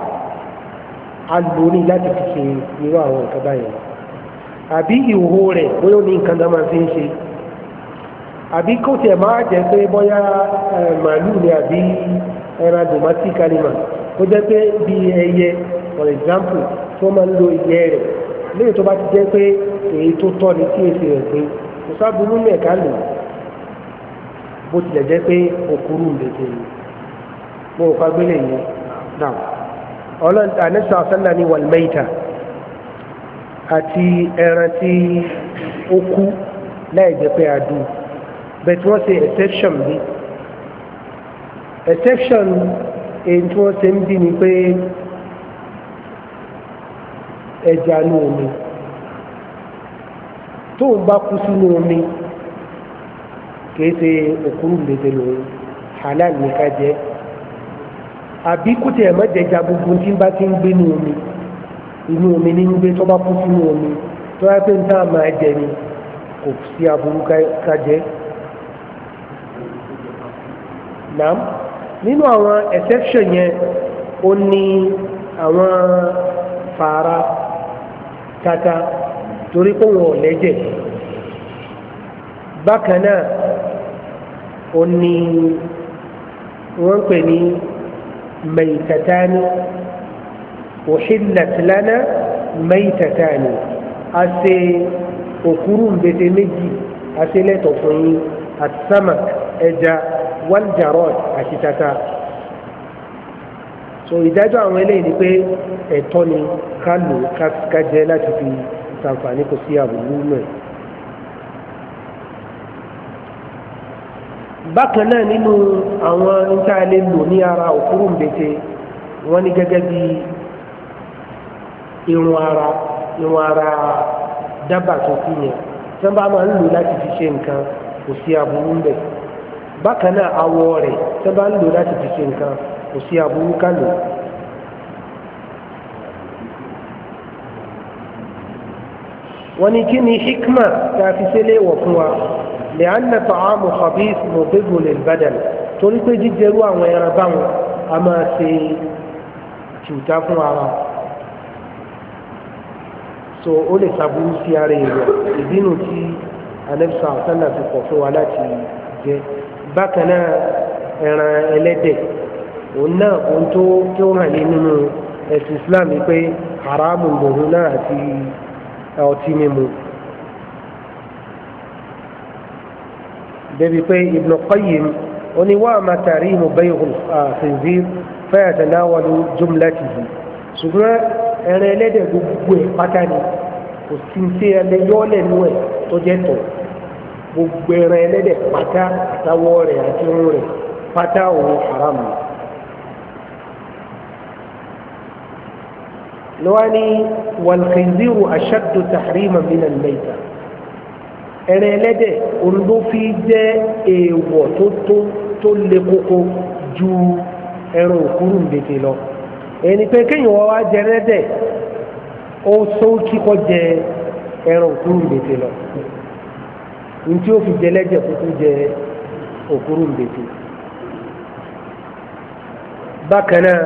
a lò ní láti fi ṣe irú àwọn nǹkan báyìí àbí ìhó rẹ̀ bóyá ó ní nǹkan tó máa fi ń ṣe àbí kò tiẹ̀ máa jẹ́ pé bóyá màálù ni àbí ẹran domestic animal ó jẹ́ pé bí ẹyẹ for example tó máa ń lo ìyẹ́ rẹ̀ lẹ́yìn tó bá ti jẹ́ pé èyí tó tọ́ ni tí èsì rẹ̀ pé kò sábúrú mẹ́ẹ̀ká lò bó tilẹ̀ jẹ́ pé òkúrú lèkè yìí mo ò fagbélé yìí náà ọlọ́ntà anẹ́sọ̀ àfẹ́lá ní wàlmẹ́ìtà àti ẹran tí ó kú láì jẹ́ pé adu bẹ́ẹ̀ tí wọ́n ṣe exception bí exception èyí tí wọ́n ṣe ń bí ni pé ẹja ní omi tóun bá kú sínú omi kìí ṣe òkúrú gbèsè lòun halal ní ká jẹ àbí kùtì ẹ̀mọ́ jẹjà gbogbo tí bá ti ń gbé ní omi inú omi ní ń gbé tó bá kú sínú omi tó yá pé nǹkan máa jẹ ni kò sí aburú ká jẹ. nàám nínú àwọn exception yẹn ó ní àwọn fàárà tata torí pé wọn ò lẹ́jẹ̀ bákan náà ó ní wọ́n pè ní maitatani uhillat lana maitatani a ṣe òkúrú mbete méjì a ṣe lẹ́tọ̀ fún yín asamak ẹja waljarod àti so ìdájọ́ àwọn eléyìí ni pé ẹ̀tọ́ ni ká lò ká jẹ láti fi ṣàǹfààní kò sí àbúrú náà. bákan náà nínú àwọn nǹkan lò ní ara òkúrú mbete wọ́n ní gẹ́gẹ́ bí irun ara irun ara dábàá tó yẹn tí wọ́n bá máa ń lò láti fi ṣe nǹkan kò sí aburú mbẹ̀ bákan náà awọ rẹ̀ tí wọ́n bá ń lò láti fi ṣe nǹkan kò sí aburú wọ́n ní kí ni hikma tá a fi ṣe léèwọ̀ fún lẹ́yìn tọ́hámù khabith mọ̀tẹ́gùn lè bàdàn torí pé jíjẹrú àwọn ẹran báwọn a máa ṣe ṣùtá fún ara so ó lè sàbúrú sí ara èèyàn ìbínú tí anẹ́bísà ọ̀sánà ti pọ̀ fún wa láti jẹ bákan náà ẹran ẹlẹ́dẹ̀ òun náà ohun tó tó hàn ní nínú ẹ̀sìn Islam pé haramu lòun náà àti ọtí mímu. débi pé Ibn Qayyim oníwà màtàrí ìmùbẹ́yìí khinzir fayatanawalu jumlatihi ṣùgbọ́n ẹran ẹlẹ́dẹ̀ gbogbo ẹ̀ pátá ni kò sí ṣe ẹlẹ́ yọ́ọ̀lẹ̀ nú ẹ̀ tó jẹ́ tọ̀ gbogbo ẹran ẹlẹ́dẹ̀ pátá àtàwọ̀ rẹ̀ àti irun rẹ̀ pátá òun haram lọ́wọ́ ni wal khinziru ashaddu ẹran ẹlẹ́dẹ̀ olófi fi je tó tó tó le koko ju ẹran òkúrú gbèsè lọ ẹni pé kéèyàn wá jẹ ẹlẹ́dẹ̀ ó sọ kíkọ jẹ ẹran òkúrú gbèsè lọ ntí ó fi jẹ ẹlẹ́dẹ̀ kúkú jẹ òkúrú gbèsè bákan náà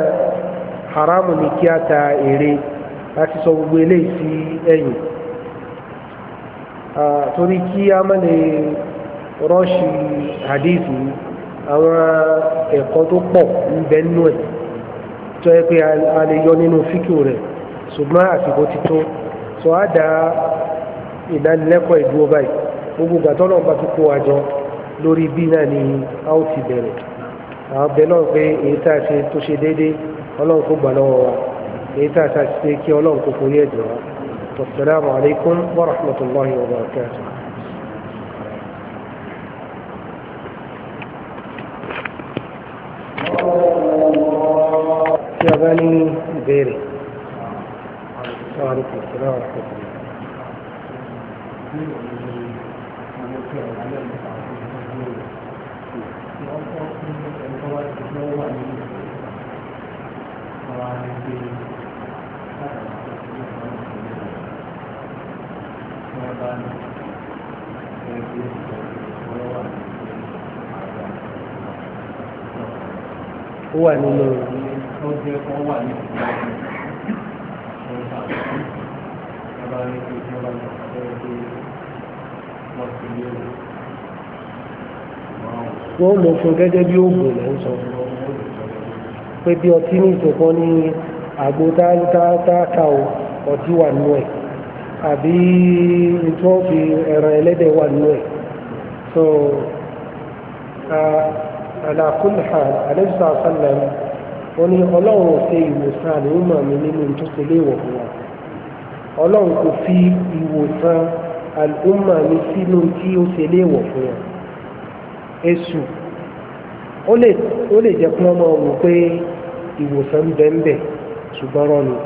haramu ni kí a ta èrè láti sọ gbogbo eléyìí sí torí kí a má lè rọ́ọ̀ṣì hadith àwọn ẹ̀kọ́ tó pọ̀ ń bẹ nínú ẹ̀ tó yẹ pé a lè yọ nínú fíkì rẹ̀ ṣùgbọ́n àsìkò ti tó sọ á dá ìdánilẹ́kọ̀ọ́ ìdúró báyìí gbogbo gbàtọ́nà bá tó kó àjọ lórí bí náà ni a ó ti bẹ̀rẹ̀ àwọn bẹ̀ náà pé èyí tá a ṣe tó ṣe déédéé ọlọ́run kó gbà lọ́wọ́ wa èyí tá a ṣe kí ọlọ́run kó forí ẹ̀jẹ̀ wa. والسلام عليكم ورحمة الله وبركاته بني بيري وعليكم السلام ورحمة الله Thank you. ó wà nínú. wọ́n mọ̀ fún gẹ́gẹ́ bí oògùn lẹ́ ń sọ pé bí ọtí ní ìsọ̀kan ní àgbo tá ọtí wà nínú ẹ̀ àbí tí wọ́n fi ẹran ẹlẹ́dẹ̀ wà nínú ẹ̀ so àlàkùnlá àlẹ́sà sálẹ̀m wọ́n ní ọlọ́run ò ṣe ìwòsàn àlùmọ̀ mi nínú tó ṣe léèwọ̀ fún wa ọlọ́run kò fi ìwòsàn àlùmọ̀ mi sínú tí ó ṣe léèwọ̀ fún wa èṣù ó lè jẹ́ kí wọ́n máa wò pé ìwòsàn ń bẹ ṣùgbọ́n rọ́ọ̀nù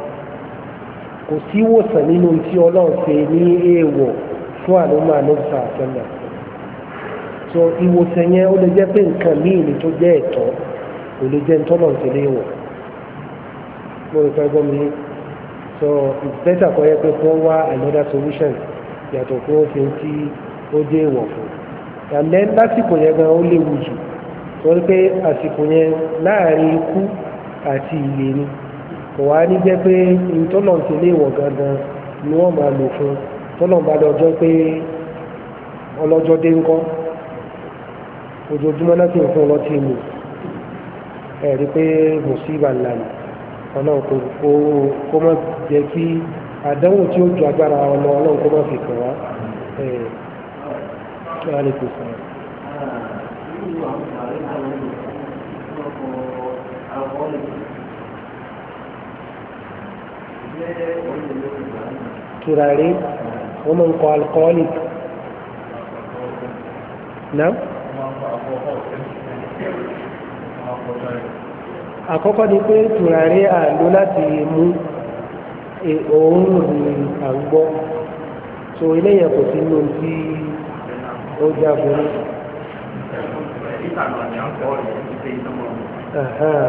kò sí ìwòsàn nínú tí ọlọ́run ṣe ní èèwọ̀ fún àlọ́mọ àlọ́bùsà àtọ́nà so ìwòsàn yẹn ó lè jẹ́ pé nǹkan míì ni tó jẹ́ ẹ̀tọ́ kò lè jẹ́ ntọ́nà ṣe léèwọ̀ mo rò pé gbọ́ mi so it's better kọ́ yẹ pé kí wọ́n wá another solution yàtọ̀ kí wọ́n ṣe tí ó jẹ́ èèwọ̀ fún and then lásìkò yẹn gan ó léwu jù torí pé àsìkò yẹn láàrin ikú àti ìlérí kò wá ní jẹ́ pé ìtọ́nà ti lé ìwọ̀ gangan ni wọ́n máa lò fún tọ́nà bá lọ́jọ́ pé ọlọ́jọ́ dé ńkọ́ ojoojúmọ́ láti fún ọlọ́tí mi ẹ̀rí pé mùsíbà ńlá ni ọlọ́run kò kó má jẹ́ kí àdánwò tí ó ju agbára ọmọ ọlọ́run kó má fi kàn wá ẹ̀ẹ́dẹ́gbẹ̀sán. tùràrí wọ́n máa ń kọ alcoholic náà àkọ́kọ́ ni pé tùràrí àlò láti mú e, òórùn ní àgbọ́ so eléyẹ̀ kò sí inú tí ó jágun ní. Uh-huh.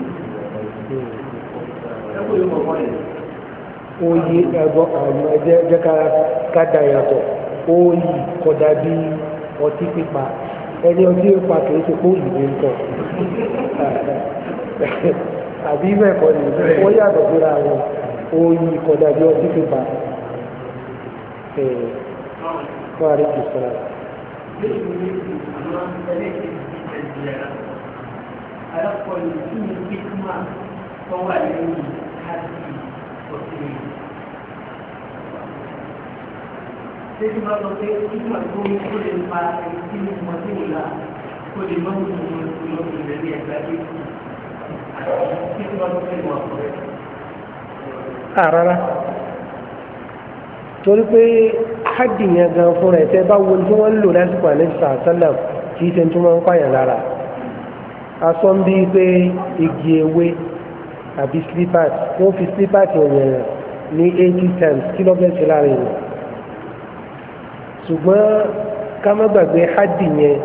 oyi ẹgbọ ọmọ ẹjẹ jẹ káda oyi kódà bí ọtí pípa ẹni ọtí pípa kìí ṣe oyi ní nǹkan àbí ha, ni wọ́n yàtọ̀ wọn oyi kódà bí ọtí pípa fún àríkì sọ́ra. alákọ̀ọ́lù tí tó wà lẹ́yìn káàdì òsì. ṣé tí wọ́n sọ pé nígbà tó ń kó lè pa ẹtí wọn sí ìlà kó lè lọ́wọ́ tó ń lọ sí ìlẹ̀ ní ẹ̀gbá dé kù. ṣé tí wọ́n sọ pé wọ́n sọ rẹ̀. àrárá torí pé hádì yẹn gan fúnra ẹ̀ tẹ́ bá wo tí wọ́n ń lò lásìkò àníṣà sálàm kì í ṣe tí wọ́n ń pààyàn lára asọ́ ń bí pé igi ewé àbí slippers tí ó fi slippers ẹ̀yẹ̀ rẹ̀ ní eighty times kí ló fẹ́ẹ́ ṣe láàrin rẹ̀ ṣùgbọ́n ká má gbàgbé hádì yẹn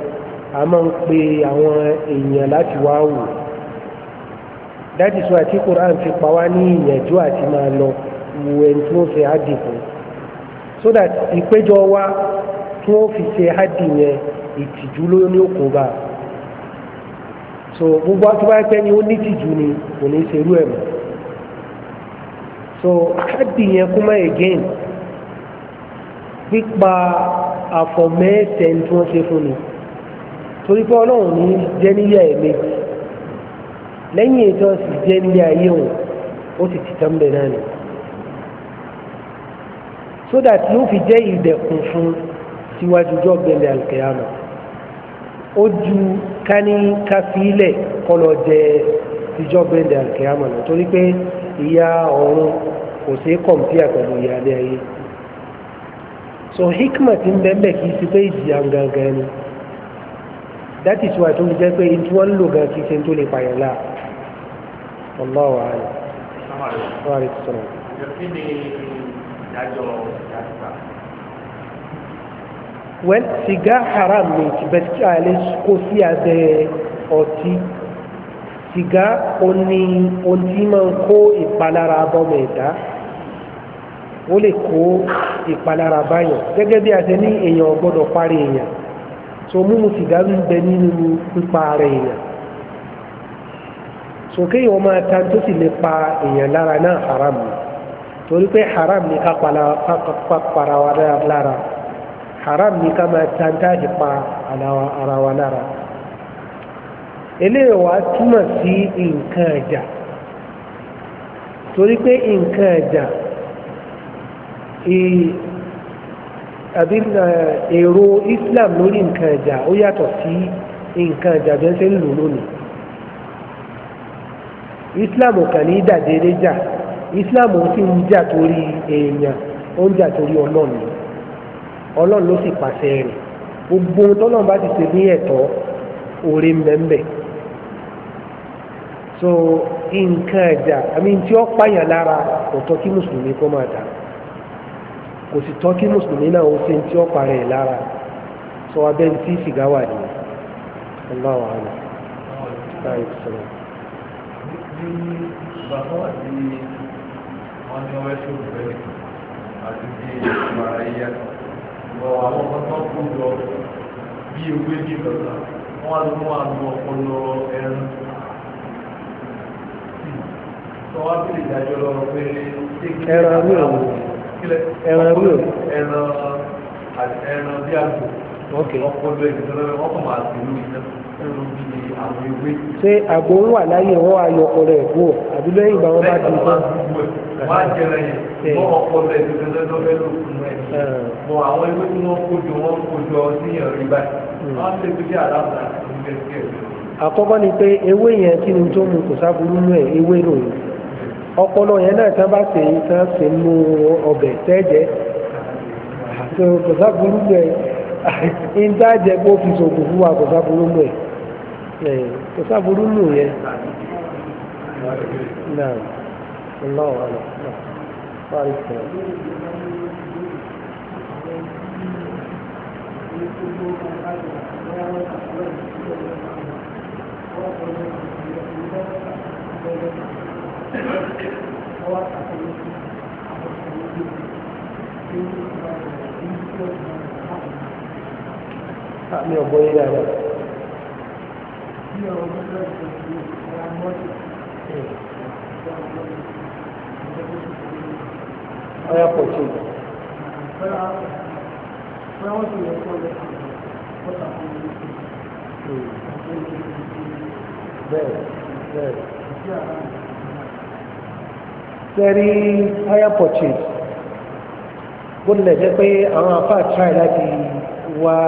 a máa ń pe àwọn èèyàn láti wá wò dájú àti Quran fi pa wá ní ìyànjú àti máa lọ wo ẹni tí wọ́n fi hádì fún so that ìpéjọ wa tí wọ́n fi ṣe hádì yẹn ìtìjú ló ní òkú bá so gbogbo àti báyìí pé ni ó ní tìjú ni kò ní ṣerú ẹ̀ mọ́ so káàdì yẹn kú mọ́ again pípa àfọ̀mẹ́sẹ̀ tí wọ́n ṣe fún mi torí pé ọlọ́run ní jẹ́ nílé ẹ̀ẹ́mẹ́jì lẹ́yìn ètò sì jẹ́ nílé ayé òun ó sì ti tán bẹ̀ náà ni so that yóò fi jẹ́ ìdẹ̀kùn fún síwájú ọjọ́ gbẹ̀ndẹ̀ àlùkẹ́yàmọ̀ ó ju ká ní ká fi ilẹ̀ kọ́ lọ jẹ ìjọ bẹ́ẹ̀dẹ̀ àkẹ́yàmọ̀ náà torí pé ìyà ọ̀run kò sí kọ̀m̀pìà pẹ̀lú ìyà alẹ́ ayé so hikma ti ń bẹ́ẹ̀ kì í ti pé ìjìyà gangan ni that is why tó fi jẹ́ pé tí wọ́n ń lò gan kì í ṣe tó lè pààyàn láà Allahu a'lam. Kí ni ìdájọ́ ìdájọ́ wẹ́n sìgá haram ni bẹ́ẹ̀ alẹ́ kó sí abẹ́ ọtí sìgá oni oni máa ń kó ìpalára bọ́mọ ẹ̀dá ó lè kó ìpalára báyọ̀ gẹ́gẹ́ bí a ṣe ní èèyàn gbọ́dọ̀ parí èèyàn so mímu sìgá ń bẹ nínú pípa ara èèyàn so kéèyàn máa ta tó sì lè pa èèyàn lára náà haram ni torí pé haram ni ká para wa lára haram ní ká máa tanta ìpa ara wa lára eléyìí wàá túmọ̀ sí nǹkan ẹ̀jà torí pé nǹkan ẹ̀jà àbí èrò Islam lórí nǹkan ẹ̀jà ó yàtọ̀ sí nǹkan ẹ̀jà bí wọ́n ṣe ń lò lónìí Islam kàn ní dàdéré jà Islam ó sì ń jà torí èèyàn ó ń jà torí ọlọ́run ọlọ́run ló sì pàṣẹ rẹ̀ gbogbo ohun tọ́lọ́run bá ti ṣe ní ẹ̀tọ́ oore ń so nǹkan ẹ̀dà àmì tí ó pààyàn lára kò tọ́ kí mùsùlùmí kó máa dà kò sì tọ́ kí mùsùlùmí náà ó ṣe tí ó parẹ́ lára sọ abẹ́ tí sìgá wà ní ọlọ́wà ní ṣáàlùsọ̀rọ̀. ní ìgbà àwọn ọmọ tó kú lọ bí ewé ní ìlọ́ta wọ́n á lọ mú àlù ọpọlọ ẹran tó wá sí ìdájọ́ lọ pé ẹran rí o ẹran rí o ẹran bí àgbò. ọpọlọ ìdúró ọkọ máa ti lù ṣé àgbo ń wà láyé wọn á yọ ẹ kú ọ àbí lẹ́yìn ìgbà wọn bá ti sọ. wọn á jẹrẹ yẹn wọn ọpọlọ ẹ tuntun lọ́dọ̀ bẹ́ẹ̀ ló fún ẹ. mọ àwọn ewé tí wọn kó jọ Ndị pé ó fi sòkò fún wa kò sáburú mú ẹ̀ kò sáburú mú yẹn náà Thank you. àmì ah, ọ̀bọ yìí dára. Hmm. ọyà pọ̀ tó. Hmm. bẹ́ẹ̀ bẹ́ẹ̀. sẹ́rí higher purchase bó lè jẹ́ pé àwọn afáà try láti wá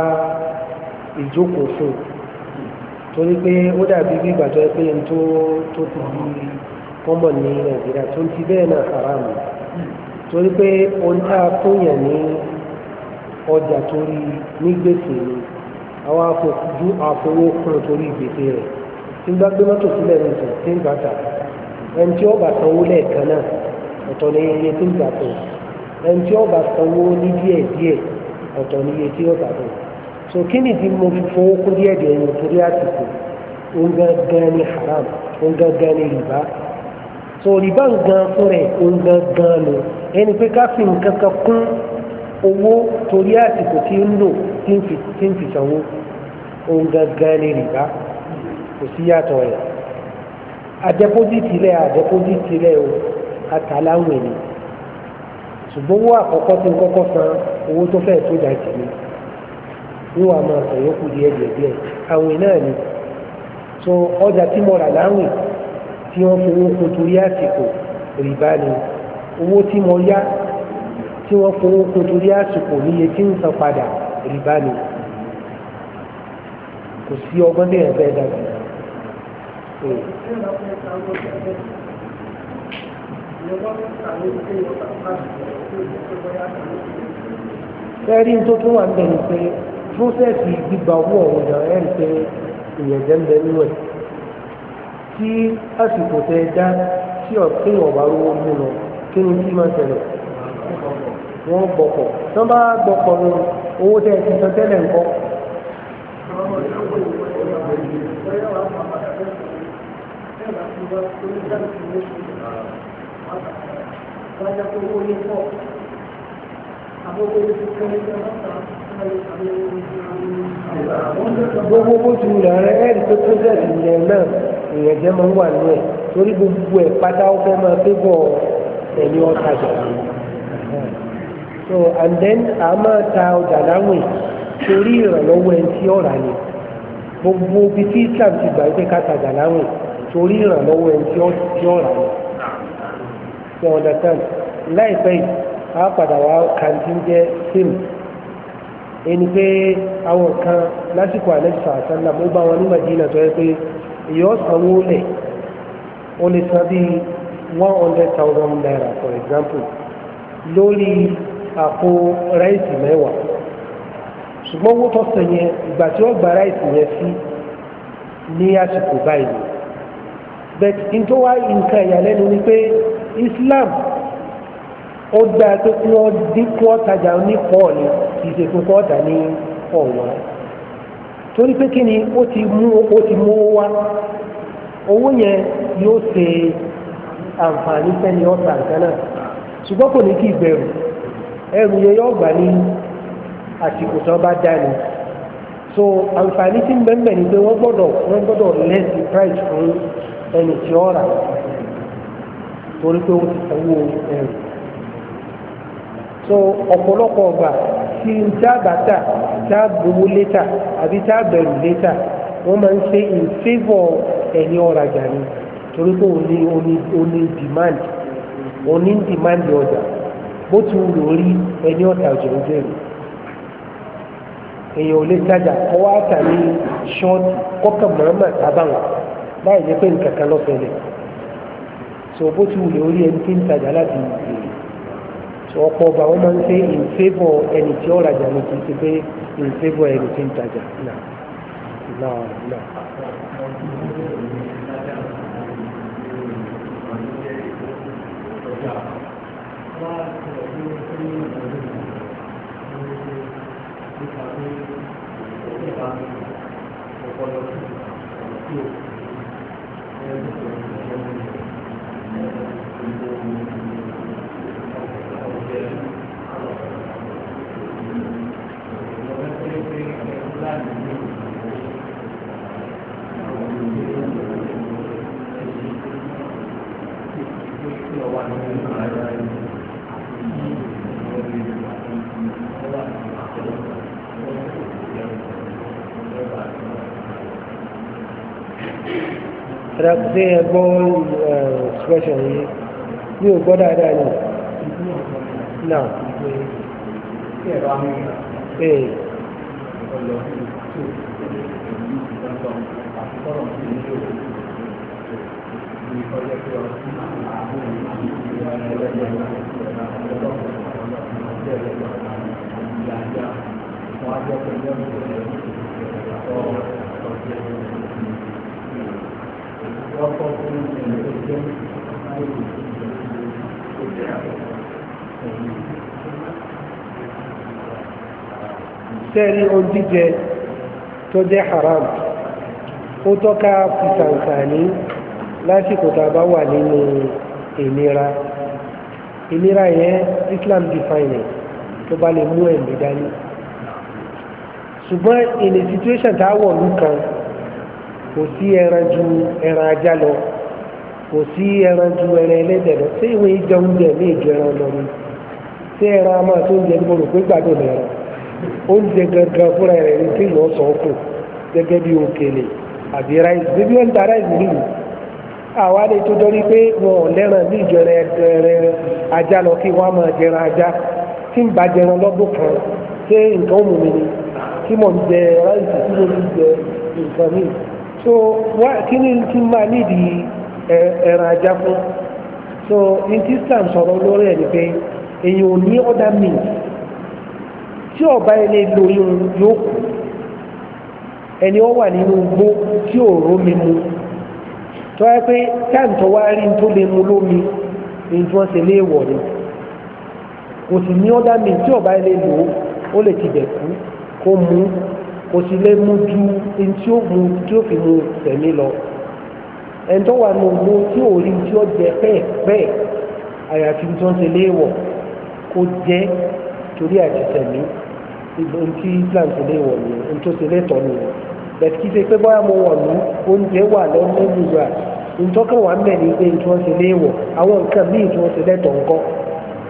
ìjókòó fún torí pé ó dàbí bí gbàtọ́ pé n tó tó ti di kọ́mọ̀ ní nàìjíríà tó ti bẹ́ẹ̀ náà haramu torí pé ohun tá a fúnyàn ní ọjà torí ní gbèsè ni àwọn afọ̀jú àfọwọ́ kún torí gbèsè rẹ̀ tí gbá gbé mọ́tò sílẹ̀ ní sàn tí ń bàtà ẹni tí ó bá sanwó lẹ́ẹ̀kan náà ọ̀tọ̀ ní iye tí ń bàtà ẹni tí ó bá sanwó ní díẹ̀díẹ̀ ọ̀tọ̀ ní iye tí ó bàtà so kí ni ti mo fi fowó kó díẹ̀ díẹ̀ yẹn torí àsìkò òun gangan ni haram òun gangan ni rìbá so rìbá ń gan fún rẹ̀ òun gangan ni ẹni pé ká fi nǹkan kan kún owó torí àsìkò tí ń lò tí ń fi sanwó òun gangan ni rìbá kò sí yàtọ̀ rẹ̀ àdẹ́pọ́sìtì rẹ̀ àdẹ́pọ́sìtì rẹ̀ o àtàláwìn ni ṣùgbọ́n owó àkọ́kọ́ tí ń kọ́kọ́ san owó tó fẹ́ẹ̀ tó dà jù wíwà máa tàn yókù díẹ̀ díẹ̀ díẹ̀ àwìn náà ni so ọjà tí mo rà láwìn tí wọ́n fowó kun torí àsìkò rìbá ni owó tí mo yá tí wọ́n fowó kun torí àsìkò níye tí ń san padà rìbá ni kò sí ọgbọ́n ní ẹ̀fẹ́ dàgbà. Fẹ́rí tó tún wà ń bẹ̀rù pé prósẹ́sì gbígba owó ọ̀hún ọ̀dà ẹ̀ ń tẹ ìyẹ̀jẹ̀ ń bẹ nínú ẹ̀ tí àsìkò tẹ dá tí ọ̀kí ọ̀bá rówó mú lọ kí ni kí máa tẹ̀lé wọ́n gbọ́kọ̀ tán bá gbọ́kọ̀ lọ owó tẹ ti san tẹ́lẹ̀ ńkọ́. Thank you gbogbo bó ti wù lára ẹ̀rí tó tó sẹ̀sì ilẹ̀ náà èèyàn jẹ́ máa ń wà nínú ẹ̀ torí gbogbo ẹ̀ pátá ó fẹ́ máa fẹ́ bọ̀ ẹ̀yìn ọ̀tajà so and then a máa ta ọjà láwìn torí ìrànlọ́wọ́ ẹni tí ọ̀rà ni gbogbo ibi tí Islam ti gbà pé ká tajà láwìn torí ìrànlọ́wọ́ ẹni tí ọ̀rà ni you understand láìpẹ́ yìí a padà wá kàǹtí sílùú ẹni pé àwọn kan lásìkò àlẹ́sà àtàlà mo bá wọn ní Madina tó yẹ pé ìyọ́ sanwó lẹ̀ ó lè san bí one hundred thousand naira for example lórí àpò ráìsì mẹ́wàá ṣùgbọ́n owó tó sàn yẹn ìgbà tí wọ́n gba ráìsì yẹn sí ní àsìkò báyìí bẹ́ẹ̀ ní nǹkan ìyàlẹ́nu ni pé Islam ó gbá pé kí wọ́n dín kí wọ́n tajà ní pọ́ọ̀ ni kì í ṣe fún kọ́ọ̀tà ní ọ̀wọ́ torí pé kí ni ó ti mú ó ti mú wá owó yẹn yóò ṣe àǹfààní sẹ́ni ọ̀sà nǹkan náà ṣùgbọ́n kò ní kí ìbẹ̀rù ẹrù yẹn yóò gbà ní àsìkò tí wọ́n bá dá so àǹfààní ti ń bẹ́ẹ̀ ni pé wọ́n gbọ́dọ̀ wọ́n gbọ́dọ̀ less price fún ẹni tí ó rà torí pé ó ti sanwó ẹrù. so ọ̀pọ̀lọpọ̀ ọgbà tí n tá bàtà tá gbowó létà àbí tá bẹ̀rù létà wọ́n máa ń ṣe in favour ẹni ọ̀rajà ni torí pé òní òní òní demand òní demand ọjà bó ti wù lórí ẹni ọ̀tà ọ̀jọ̀ ń jẹ́rìí èèyàn ò lè tajà ọwọ́ àtà ní ṣọ́ọ̀tì kọ́kàn mọ̀ọ́mọ̀ tábàwọ̀ láì ní pé nǹkan kan lọ́fẹ̀ẹ́ lẹ̀ so bó ti wù lórí ẹni tí ń tajà láti ìgbèrè ọ̀pọ̀ ọba wọn máa ń pé in favour ẹni tí ó rajà ni kì í ṣe pé in favour ẹni tí ń tajà náà náà náà. ṣé ẹ gbọ́ expression yìí mi ò gbọ́ dáadáa ni now ee Thank you sẹ́ẹ̀rí ohun jíjẹ tó jẹ́ haram ó tọ́ka fìsànfàní lásìkò tá a bá wà nínú ìnira ìnira yẹn Islam define tó bá lè mú ẹ̀mí dání ṣùgbọ́n in situation tá wọ̀ nìkan kò sí ẹran ju ẹran ajá lọ kò sí ẹran ju ẹran ẹlẹ́dẹ̀ lọ ṣé ìwé jẹ oúnjẹ ní ìjọ ẹran lọ ni ṣé ẹran a máa tó oúnjẹ ní mo rò pé gbàdọ̀ lẹ́ran oúnjẹ gangan fúnra rẹ̀ ni kí ìyọ́ sọ kù gẹ́gẹ́ bí òkèlè àbí ráìsì bíbí ó ń ta ráìsì nìyí àwa lè tó dọ́rí pé wọn ò lẹ́ran ní ìjọ ẹran ajá lọ kí wọ́n á máa jẹran ajá tí ń bàjẹ́ran lọ́dún kan ṣé nǹkan ó mú mi ni tí mò ń jẹ ráìsì tí mo ń jẹ nǹkan mìíràn so wá kíni tí máa nídìí ẹran ajá fún so in tí Islam sọ̀rọ̀ lórí ẹ̀ ni pé èèyàn ò ní ọ̀dà mint tí ọba ẹni lóyún yóò kú ẹni ó wà nínú igbó tí ò rómi mu tó yẹ pé táǹtọ̀ wá rí tó lè mu lómi ní tí wọ́n ṣe léèwọ̀ ni kò sì ní ọ̀dà mint tí ọba ẹni lò ó lè ti bẹ̀ kú kó mu kò sì lè mu ju ẹni tí ó mu tí ó fi mu tẹ̀mí lọ ẹni tó wà nù mu tí ò rí tí ó jẹ pẹ́ẹ́pẹ́ẹ́ àyàfi tí wọ́n ti léèwọ̀ kó jẹ́ torí àti tẹ̀mí ohun tí Islam ti léèwọ̀ ni ohun tó ti léètọ́ ni bẹ̀tí kí ṣe pé bóyá mo wọ̀ ní oúnjẹ wà lọ́nà ìgbà ntọ́kẹ́ wà ń bẹ̀ ní pé tí wọ́n ti léèwọ̀ àwọn nǹkan míì tí wọ́n ti léètọ́ ńkọ́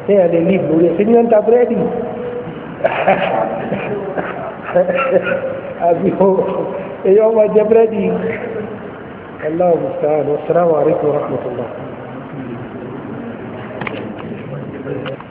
tẹ́yà lè lè àbí o èyí ọmọ jẹ búrẹ́dì Allahu musta'an assalamu alaikum warahmatullah